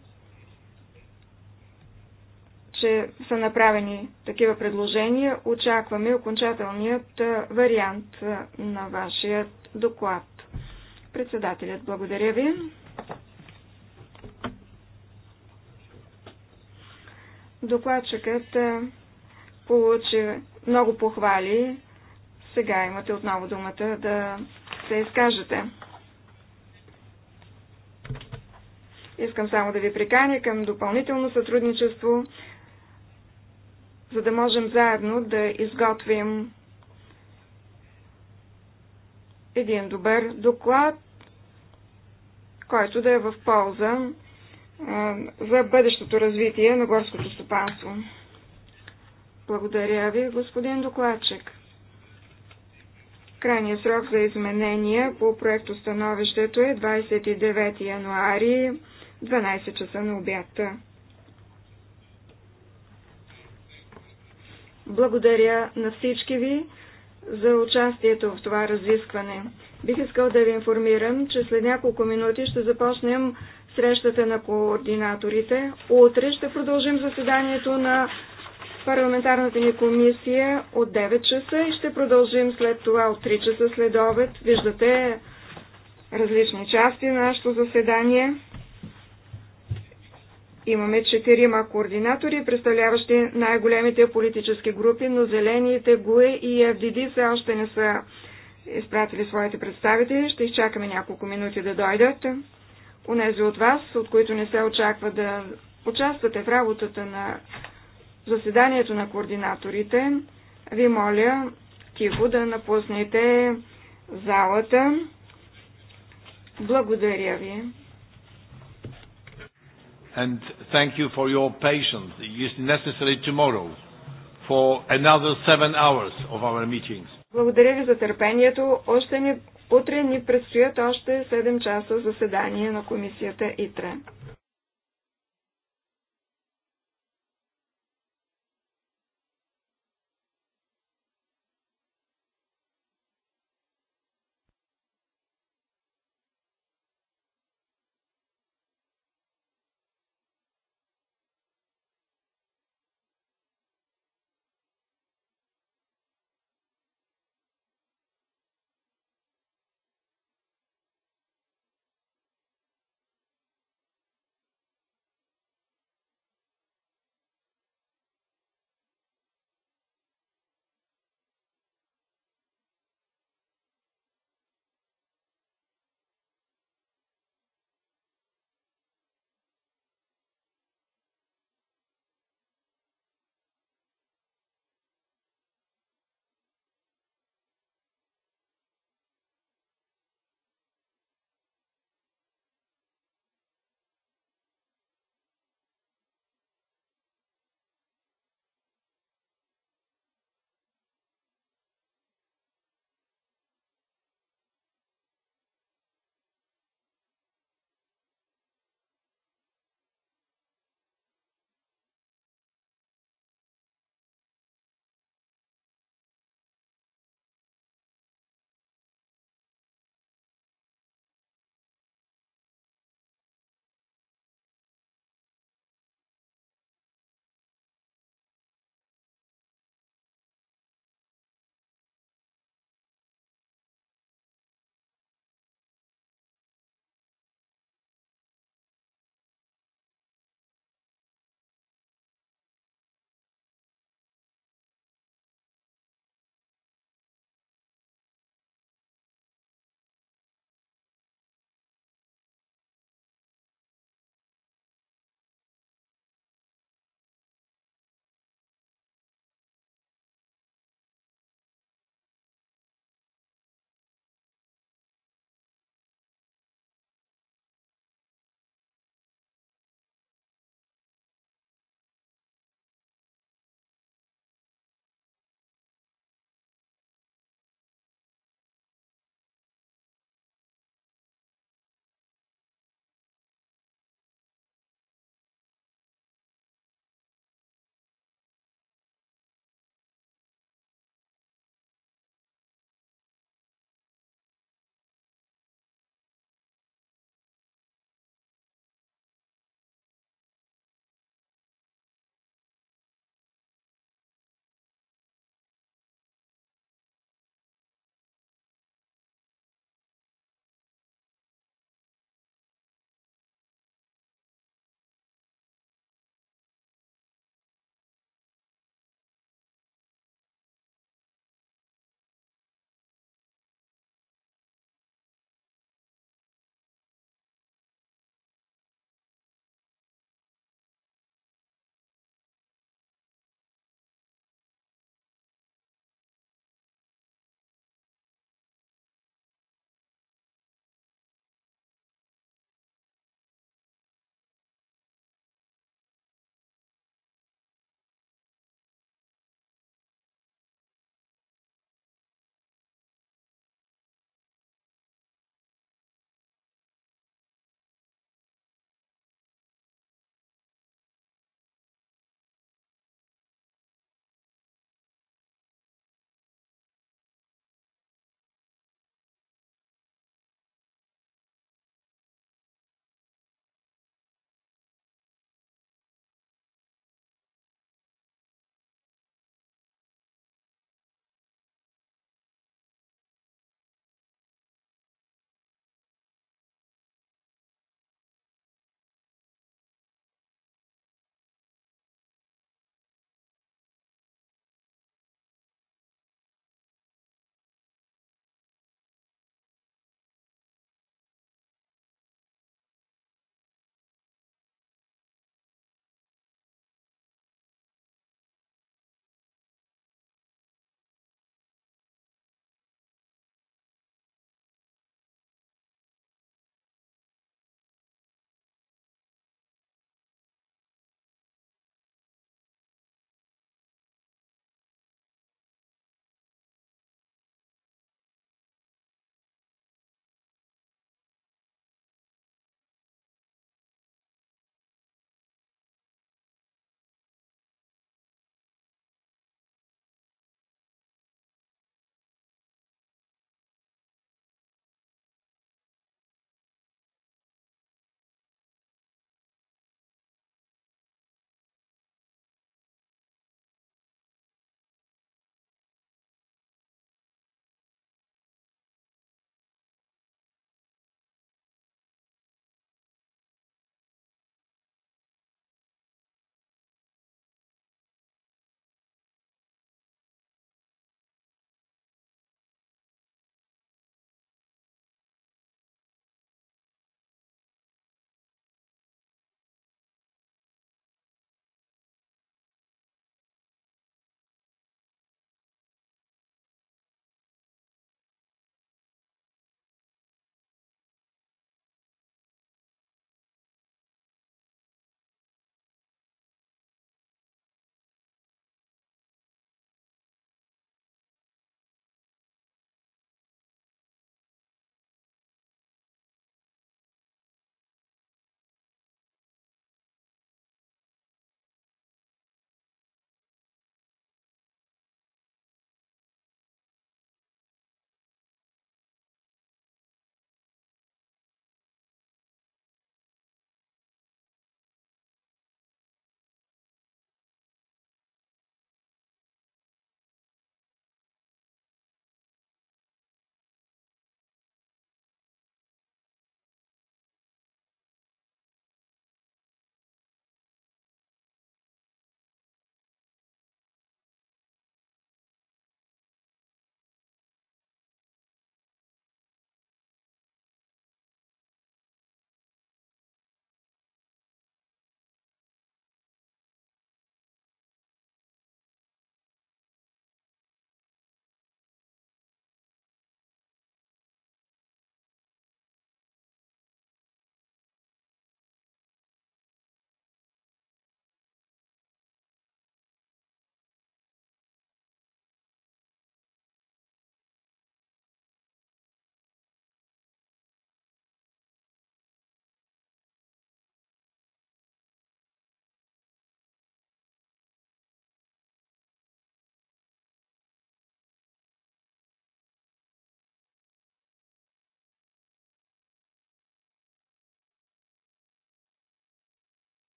Speaker 2: че са направени такива предложения. Очакваме окончателният вариант на вашият доклад. Председателят, благодаря ви. Докладчикът получи много похвали. Сега имате отново думата да се изкажете. Искам само да ви приканя към допълнително сътрудничество, за да можем заедно да изготвим един добър доклад, който да е в полза за бъдещото развитие на горското стопанство. Благодаря ви, господин докладчик. Крайният срок за изменения по проекто становището е 29 януари, 12 часа на обядта. Благодаря на всички ви за участието в това разискване. Бих искал да ви информирам, че след няколко минути ще започнем срещата на координаторите. Утре ще продължим заседанието на парламентарната ни комисия от 9 часа и ще продължим след това от 3 часа след обед. Виждате различни части на нашето заседание. Имаме четирима координатори, представляващи най-големите политически групи, но зелените, ГУЕ и ФДД все още не са изпратили своите представители. Ще изчакаме няколко минути да дойдат унези от вас, от които не се очаква да участвате в работата на заседанието на координаторите, ви моля тихо да напуснете залата. Благодаря ви.
Speaker 1: And thank you for your patience. It is necessary tomorrow for another seven hours of our meetings.
Speaker 2: Благодаря ви за търпението. Още ни Утре ни предстоят още 7 часа заседания на комисията ИТРЕ.